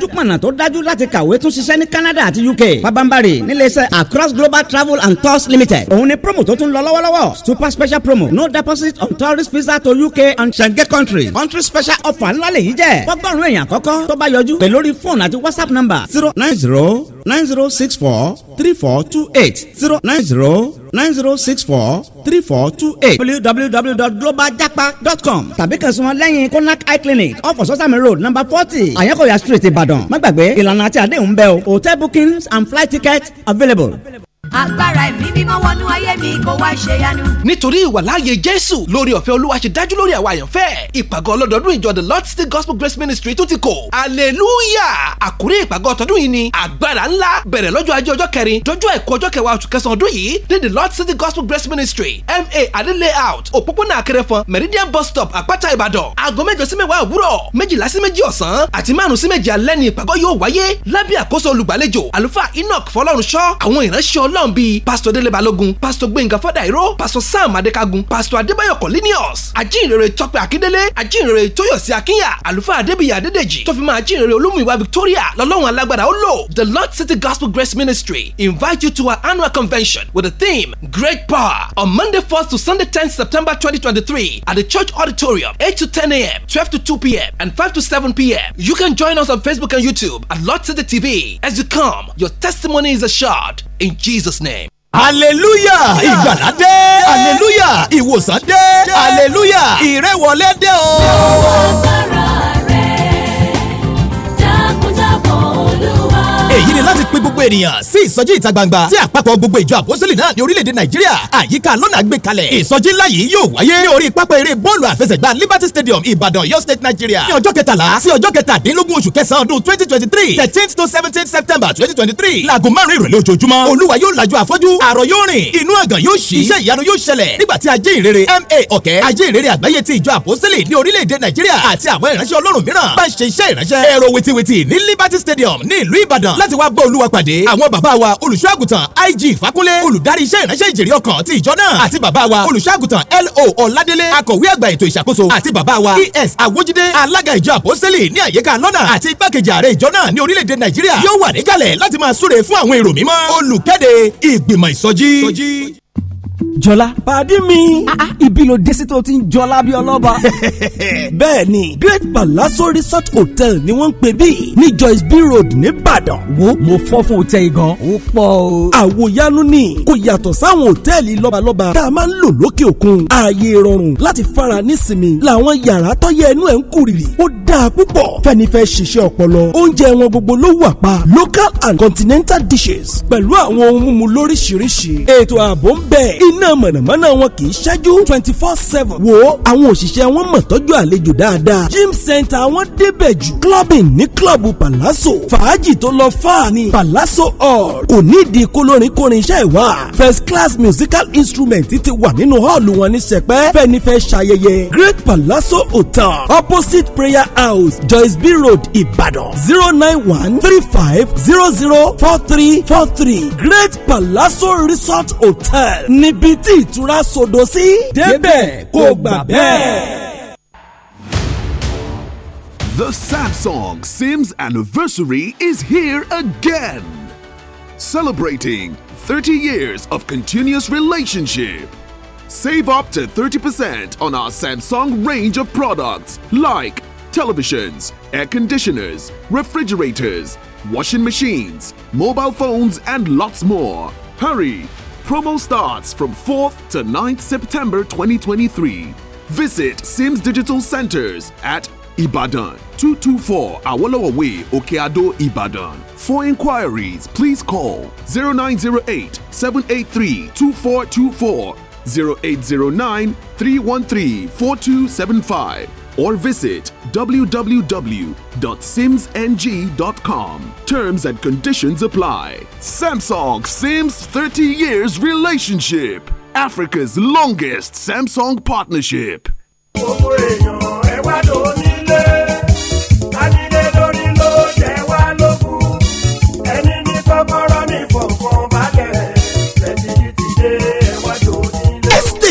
lójúpọ̀nà tó dájú láti kàwé tún ṣiṣẹ́ ní Canada àti UK pabambari níléeṣẹ́ Across Global Travel and Tours Limited òun ni promo tó tún lọ lọ́wọ́lọ́wọ́ super special promo no deposit on tourist visa to UK and Schengen countries country special offer ńlá lèyí jẹ́ fọ́gbọ́n ọ̀run èèyàn àkọ́kọ́ tó bá yọjú pè lórí fóònù àti WhatsApp number zero nine zero nine zero six four three four two eight zero nine zero nine zero six four three four two eight www.globaljapa.com tàbí kàn sí wọn lẹ́yìn konak eye clinic off of sosami road number forty àyànkòyà street ìbàdàn má gbàgbé ìlànà àti àdéhùn bẹ́ẹ̀ o hotel bookings and flight tickets available agbára ẹ̀mí mímọ́ wọnú ayé mi kó wá ṣe yanu. nítorí ìwàláàyè jésù lórí ọ̀fẹ́ olúwa ṣe dájú lórí àwa àyànfẹ́ ìpàgọ́ ọlọ́dọọdún ìjọ the lord city gospel grace ministry tún ti kò hallelujah àkórí ìpàgọ́ ọtọ́dún yìí ni agbára ńlá bẹ̀rẹ̀ lọ́jọ́ ajé ọjọ́ kẹrin dọ́jọ́ ẹ̀kọ́ ọjọ́ kẹwàá oṣù kẹsàn-án ọdún yìí ní the lord city gospel grace ministry ma adé layout òpópónà akẹrẹfọn meridian bus stop àpáta ìbàdàn aago mẹ́jọ sí mẹ́wàá òwúrọ̀ méjìlá sí méjì ọ̀sán àti márùn sí méjì alẹ́ ni ìpàgọ́ yóò wáyé lábẹ́ àkóso olùgbàlejò àlùfáà enoch fọlọ́runṣọ́ ọlọ́run bíi pásítọ̀ délé balógun pásítọ̀ gbẹ̀ngà fọ́dàìró pásítọ̀ sam adékagun pásítọ̀ adébáyọ̀ cornelius ajínrere tọ́pẹ́ akíndélé ajínrere tóyọ̀sí akínyà àlùfáà adébíyì adédèjì tó ajínrere olúmúyìwá victoria lọ́lọ́run alágbára ó lò the lord city gospel grace ministry invite you to our annual convention with the theme great power on monday first to sunday tenth september twenty twenty three at the church auditorium eight to ten a.m twelve to two p.m and five to seven p.m you can join us on facebook and youtube at lord city tv as you come your testimony is assured in jesus. Jesus' name. Hallelujah! Ìgbàlá dé! Hallelujah! Ìwòsàn dé! Hallelujah! Ìrẹ́wọlé dé o! Lọ́wọ́ agbára rẹ̀, jákújábọ̀ olúwa èyí ni láti pin gbogbo ènìyàn sí ìsọjí ìta gbangba tí àpapọ̀ gbogbo ìjọ àpọ́sítélì náà ní orílẹ̀-èdè nàìjíríà àyíká lọ́nà gbé kalẹ̀ ìsọjí ńlá yìí yóò wáyé ní orí pápá eré bọ́ọ̀lù àfẹsẹ̀gbá liberty stadium ìbàdàn ọ̀yọ́ state nigeria ní ọjọ́ kẹtàlá sí ọjọ́ kẹtàdínlógún oṣù kẹsàn-án ọdún twenty twenty three thirteenth to seventeenth september twenty twenty three laago márùn-ún ìrọ̀lẹ́ ojoojúmọ́ olúwa yóò lajú àfọ́jú àrọ̀ yóò rìn inú àgàn yóò ṣí iṣẹ́ ìyanu yóò ṣẹlẹ̀ nígbà tí ajé ìrere ma ọ̀kẹ́ ajé ìrere àgbáyé ti ìjọ àpọ́sítélì ní orílẹ̀-èdè nàìjíríà àti àwọn ìránṣẹ́ ọlọ́run mìíràn bá ń ṣe iṣẹ́ ìránṣẹ́ ẹ̀rọ wìtìwìtì ní liberty stadium ní ìlú ìbàdàn láti wá bá olúwa pàdé àwọn bàbá wa olùṣọ́ àgùntàn IG Fákúnlé olùdarí iṣẹ́ ìránṣẹ́ ìjèrè ọkàn ti ìjọ náà àti bàbá wa olùṣọ́ àgùntàn LO Ọládélé akọ̀wé àgbà ètò ìṣàkóso àti bàbá wa ES Awójídé alága ìjọ àpọ́sẹ́lì ní àyíká lọ́nà àti igbákejì ààrẹ ìjọ náà ní orílẹ̀-èdè Nàìjíríà yóò wà níkàlẹ̀ láti máa súre fún àwọn èrò mímọ́ olùkéde ìgbìmọ̀ ìsọjí jọlá. pàdí mi. ah ah ibi ló dé sí tó ti ń jọlá bí ọlọ́ba. [LAUGHS] bẹ́ẹ̀ ni great palazzo resort hotel ni wọ́n ń pè bí ní joyce b road nìbàdàn. wo mo fọ́ fún hotel yìí gan. ó pọ̀ o. àwòyanu ni kò yàtọ̀ sáwọn hòtẹ́ẹ̀lì lọ́balọ́ba tá a máa ń lò lókè òkun. ààyè ìrọ̀rùn láti fara nísìmí làwọn yàrá tọ́yẹ ẹnu ẹ̀ ń kúrìrì. ó dáa púpọ̀ fẹ́ni fẹ́ ṣiṣẹ́ ọpọlọ. oúnjẹ wọn gbogbo ló wà pa local and continental dishes pẹ̀lú àwọn ohun mímu lóríṣiríṣi. ètò ààbò ń bẹ iná mọ̀nàmọ́ná wọn kì í ṣẹ́jú twenty four seven wo àwọn òṣìṣẹ́ wọn mọ̀ tọ́jú àlejò dáadáa gym center wọn débẹ̀ jù clubbing ní club palazzo fàájì tó lọ fà ní palazzo hall kò nídìí kólórin kórin iṣẹ́ ìwà first class musical instrument ti wà nínú hall wọn ní sẹpẹ́ fẹ́ni fẹ́ ṣayẹyẹ great palazzo hotel opposite prayer house joyce b road ìbàdàn zero nine one three five zero zero four three four three great palazzo resort hotel níbẹ̀. ibi tí ìtura sòdò sí débẹ̀ kò gbà bẹ́ẹ̀. The Samsung Sims anniversary is here again. Celebrating 30 years of continuous relationship. Save up to 30% on our Samsung range of products like televisions, air conditioners, refrigerators, washing machines, mobile phones, and lots more. Hurry! promo starts from 4th to 9th September 2023. Visit Sims Digital Centers at Ibadan, 224 Awolowo Way, Okeado, Ibadan. For inquiries, please call 0908 783 2424, 0809 313 4275 or visit www.simsng.com. Terms and conditions apply. Samsung Sims 30 years relationship. Africa's longest Samsung partnership.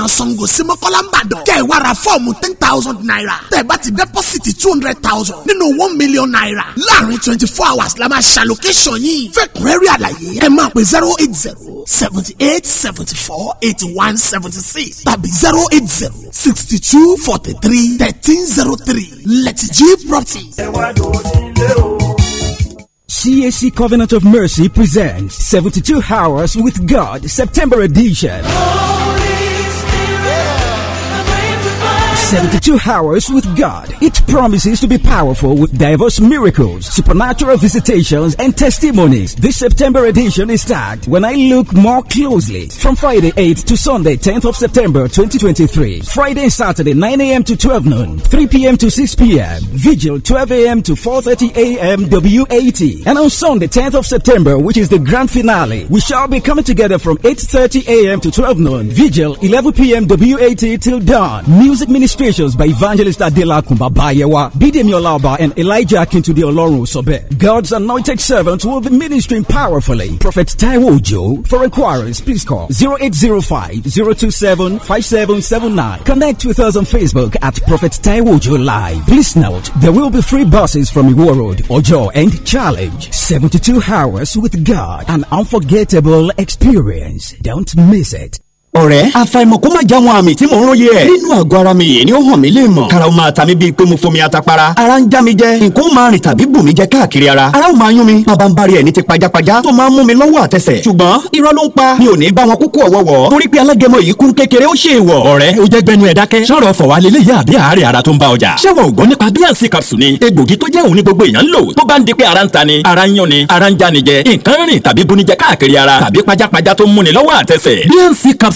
ọ̀nà Ṣàngó sí Mọ́kọ́lá Ìbàdàn kẹ́ ẹ̀ wá ra fọ́ọ̀mù ten thousand naira tẹ̀ bá ti dẹ́pọ́sìtì two hundred thousand nínú one million naira láàrin twenty four hours la máa ṣàlókẹ́sọ̀ yìí fẹ́kùnrẹ́rì àlàyé ẹ máa pè zero eight zero seventy eight seventy four eighty one seventy six tàbí zero eight zero sixty two forty three thirteen zero three letiji property. CAC Covenant of Mercy presents 72 Hours with God, September edition. Oh! 72 hours with God. It promises to be powerful with diverse miracles, supernatural visitations, and testimonies. This September edition is tagged When I Look More Closely from Friday 8th to Sunday 10th of September 2023. Friday and Saturday 9 a.m. to 12 noon, 3 p.m. to 6 p.m. Vigil 12 a.m. to 4.30 a.m. W80. And on Sunday 10th of September, which is the grand finale, we shall be coming together from 8.30 a.m. to 12 noon. Vigil 11 p.m. W80 till dawn. Music Ministry illustrations by evangelist Adela Bayewa, Bidemi Olaba, and Elijah Akintude Olorun Sobe. God's anointed servants will be ministering powerfully. Prophet Taiwo Joe, For inquiries, please call 0805 027 5779. Connect with us on Facebook at Prophet Taiwo Joe Live. Please note, there will be free buses from Iwo Road, Ojo, and Challenge. 72 hours with God. An unforgettable experience. Don't miss it. ọ̀rẹ́ àfàìmọ̀ kó má já wọn àmì tí mò ń róye ẹ̀. nínú àgọ́ ara mi yìí ni ó hàn mí lè mọ̀. kara ó máa ta mi bíi pé mo fomi atapara. ara ń já mi jẹ nǹkan máa rìn tàbí bù mí jẹ káàkiri ara. ara ó máa yún mi bàbá ń bari ẹ̀ ní ti pajápajá tó máa ń mú mi lọ́wọ́ àtẹsẹ̀. ṣùgbọ́n irọ́ ló ń pa mi ò ní bá wọn kúkú ọ̀wọ́wọ́ torí pé alágẹmọ yìí kún kékeré ó ṣe ìwọ̀. ọ̀rẹ́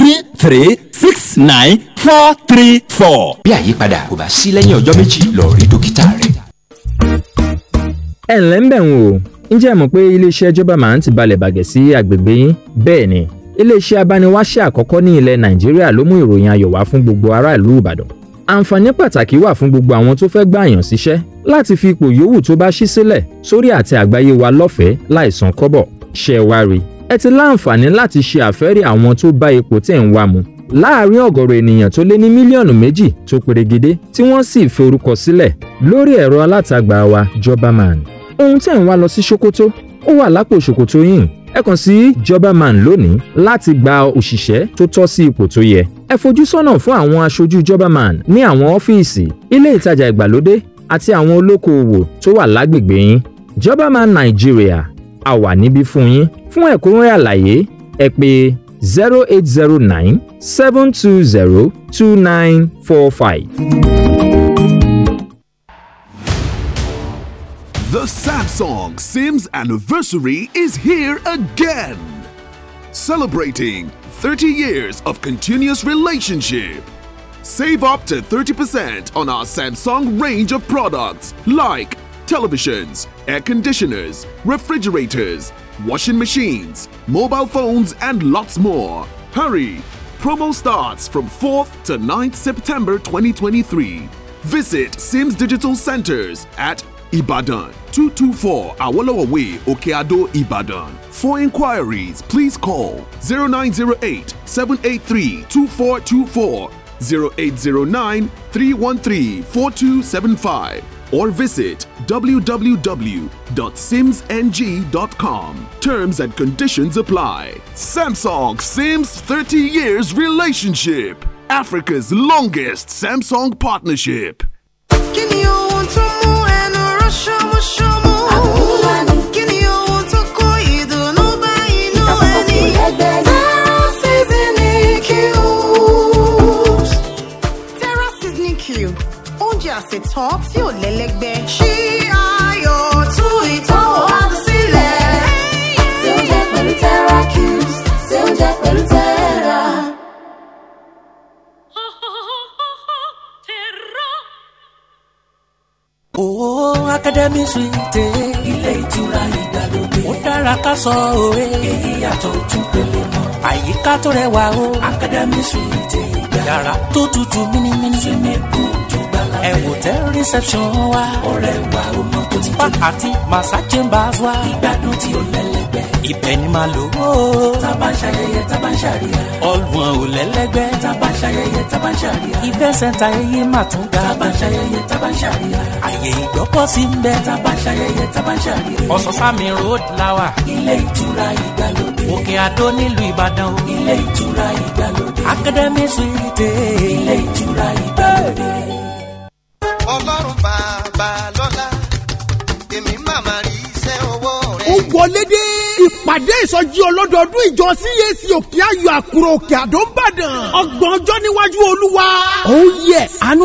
three three six nine four three four. bí àyípadà kò bá sí lẹ́yìn ọjọ́ méjì lọ rí dókítà rẹ. ẹ ǹlẹ́ ń bẹ̀ wò ǹjẹ́ ẹ mọ̀ pé iléeṣẹ́ ìjọba máa ń ti balẹ̀ bàgẹ́ sí àgbègbè yín bẹ́ẹ̀ ni iléeṣẹ́ abániwáṣẹ́ àkọ́kọ́ ní ilẹ̀ nàìjíríà ló mú ìròyìn ayọ̀ wá fún gbogbo aráàlú ìbàdàn àǹfààní pàtàkì wà fún gbogbo àwọn tó fẹ́ gbàyàn síṣẹ́ láti fi ipò yòówù tó bá ṣí sílẹ̀ sórí àtẹ àgbáyé wa lọ́fẹ̀ẹ́ láìsan kọ́bọ̀ ṣe wá rí i ẹ ti láǹfààní láti ṣe àfẹ́rí àwọn tó bá ipò tẹ̀ ń wá mu láàárín ọ̀gọ̀rọ̀ ènìyàn tó lé ní mílíọ̀nù méjì tó perégedé tí wọ́n sì forúkọ sílẹ̀ lórí ẹ̀rọ alátagbà wa jobberman ohun tẹ̀ ń wá lọ sí ṣòkòtò ó wà lápò ṣòkòtò yín ẹ kàn sí jobberman lónìí láti gba òṣìṣẹ́ tó tọ́ sí ipò tó yẹ ẹ fojú sọ́nà fún àwọn aṣojú jobberman ní àwọn ọ́fíìsì ilé ìtajà ìgbàlódé àti àwọn olókoòwò tó wà lágbègbè yín jobberman nàìjíríà a wà níbí fún yín fún ẹ̀kúnrẹ́rẹ́ àlàyé ẹ pè zero eight zero nine seven two zero two nine four five. The Samsung Sims anniversary is here again. Celebrating 30 years of continuous relationship. Save up to 30% on our Samsung range of products like televisions, air conditioners, refrigerators, washing machines, mobile phones, and lots more. Hurry! Promo starts from 4th to 9th September 2023. Visit Sims Digital Centers at Ibadan, 224 Awolowo Way, Okeado, Ibadan. For inquiries, please call 0908 783 2424, 0809 313 4275 or visit www.simsng.com. Terms and conditions apply. Samsung Sims 30 Years Relationship, Africa's longest Samsung partnership. àtẹ̀tán tí ò lẹ́lẹ́gbẹ́. ṣí ayọ̀ tú ìtàn wàdí sílẹ̀. ṣé ó jẹ́ pẹ̀lú tẹ́ra cubes ṣé ó jẹ́ pẹ̀lú tẹ́ra. Owó Akademi Suite. Ilé ìtura ìgbàlódé. Ó dára ká sọ òwe. Èyí yàtọ̀ ojú pele mọ́. Àyíká tó rẹwà o. Akademi Suite Yàrá tó tutù mímímí. Swimming pool ẹ wò tẹ reception wa. ọ̀rẹ́ wa o mọ tó ti tó. spa àti massage chambers wa. ìgbádùn tí o lẹ́lẹ́gbẹ́. ibẹ̀ ni màá lò ó. taba ń ṣayẹyẹ taba ń ṣàríyá. ọlùwọ̀n ò lẹ́lẹ́gbẹ́. taba ń ṣayẹyẹ taba ń ṣàríyá. event center eyé mà tún ga. taba ń ṣayẹyẹ taba ń ṣàríyá. àyè ìgbọ́pọ̀ sí ń bẹ. taba ń ṣayẹyẹ taba ń ṣàríyá. ọ̀sánsámi road lawa. ilé ìtura ìgbàlódé. òkè àdó nílùú ìbàdàn. ilé ìtura ìgbàlódé. academy suite. ilé ìtura ìgbàlódé ọlọ́run bàbá lọ́lá èmi màmá rí iṣẹ́ ọwọ́ rẹ. ó wọlé dé ìpàdé ìsọjí ọlọ́dọọdún ìjọ CAC òkè ayọ̀ àkùrọ̀ òkè àdó ń bàdàn ọgbọ̀n ọjọ́ níwájú olúwa. ó yẹ àánú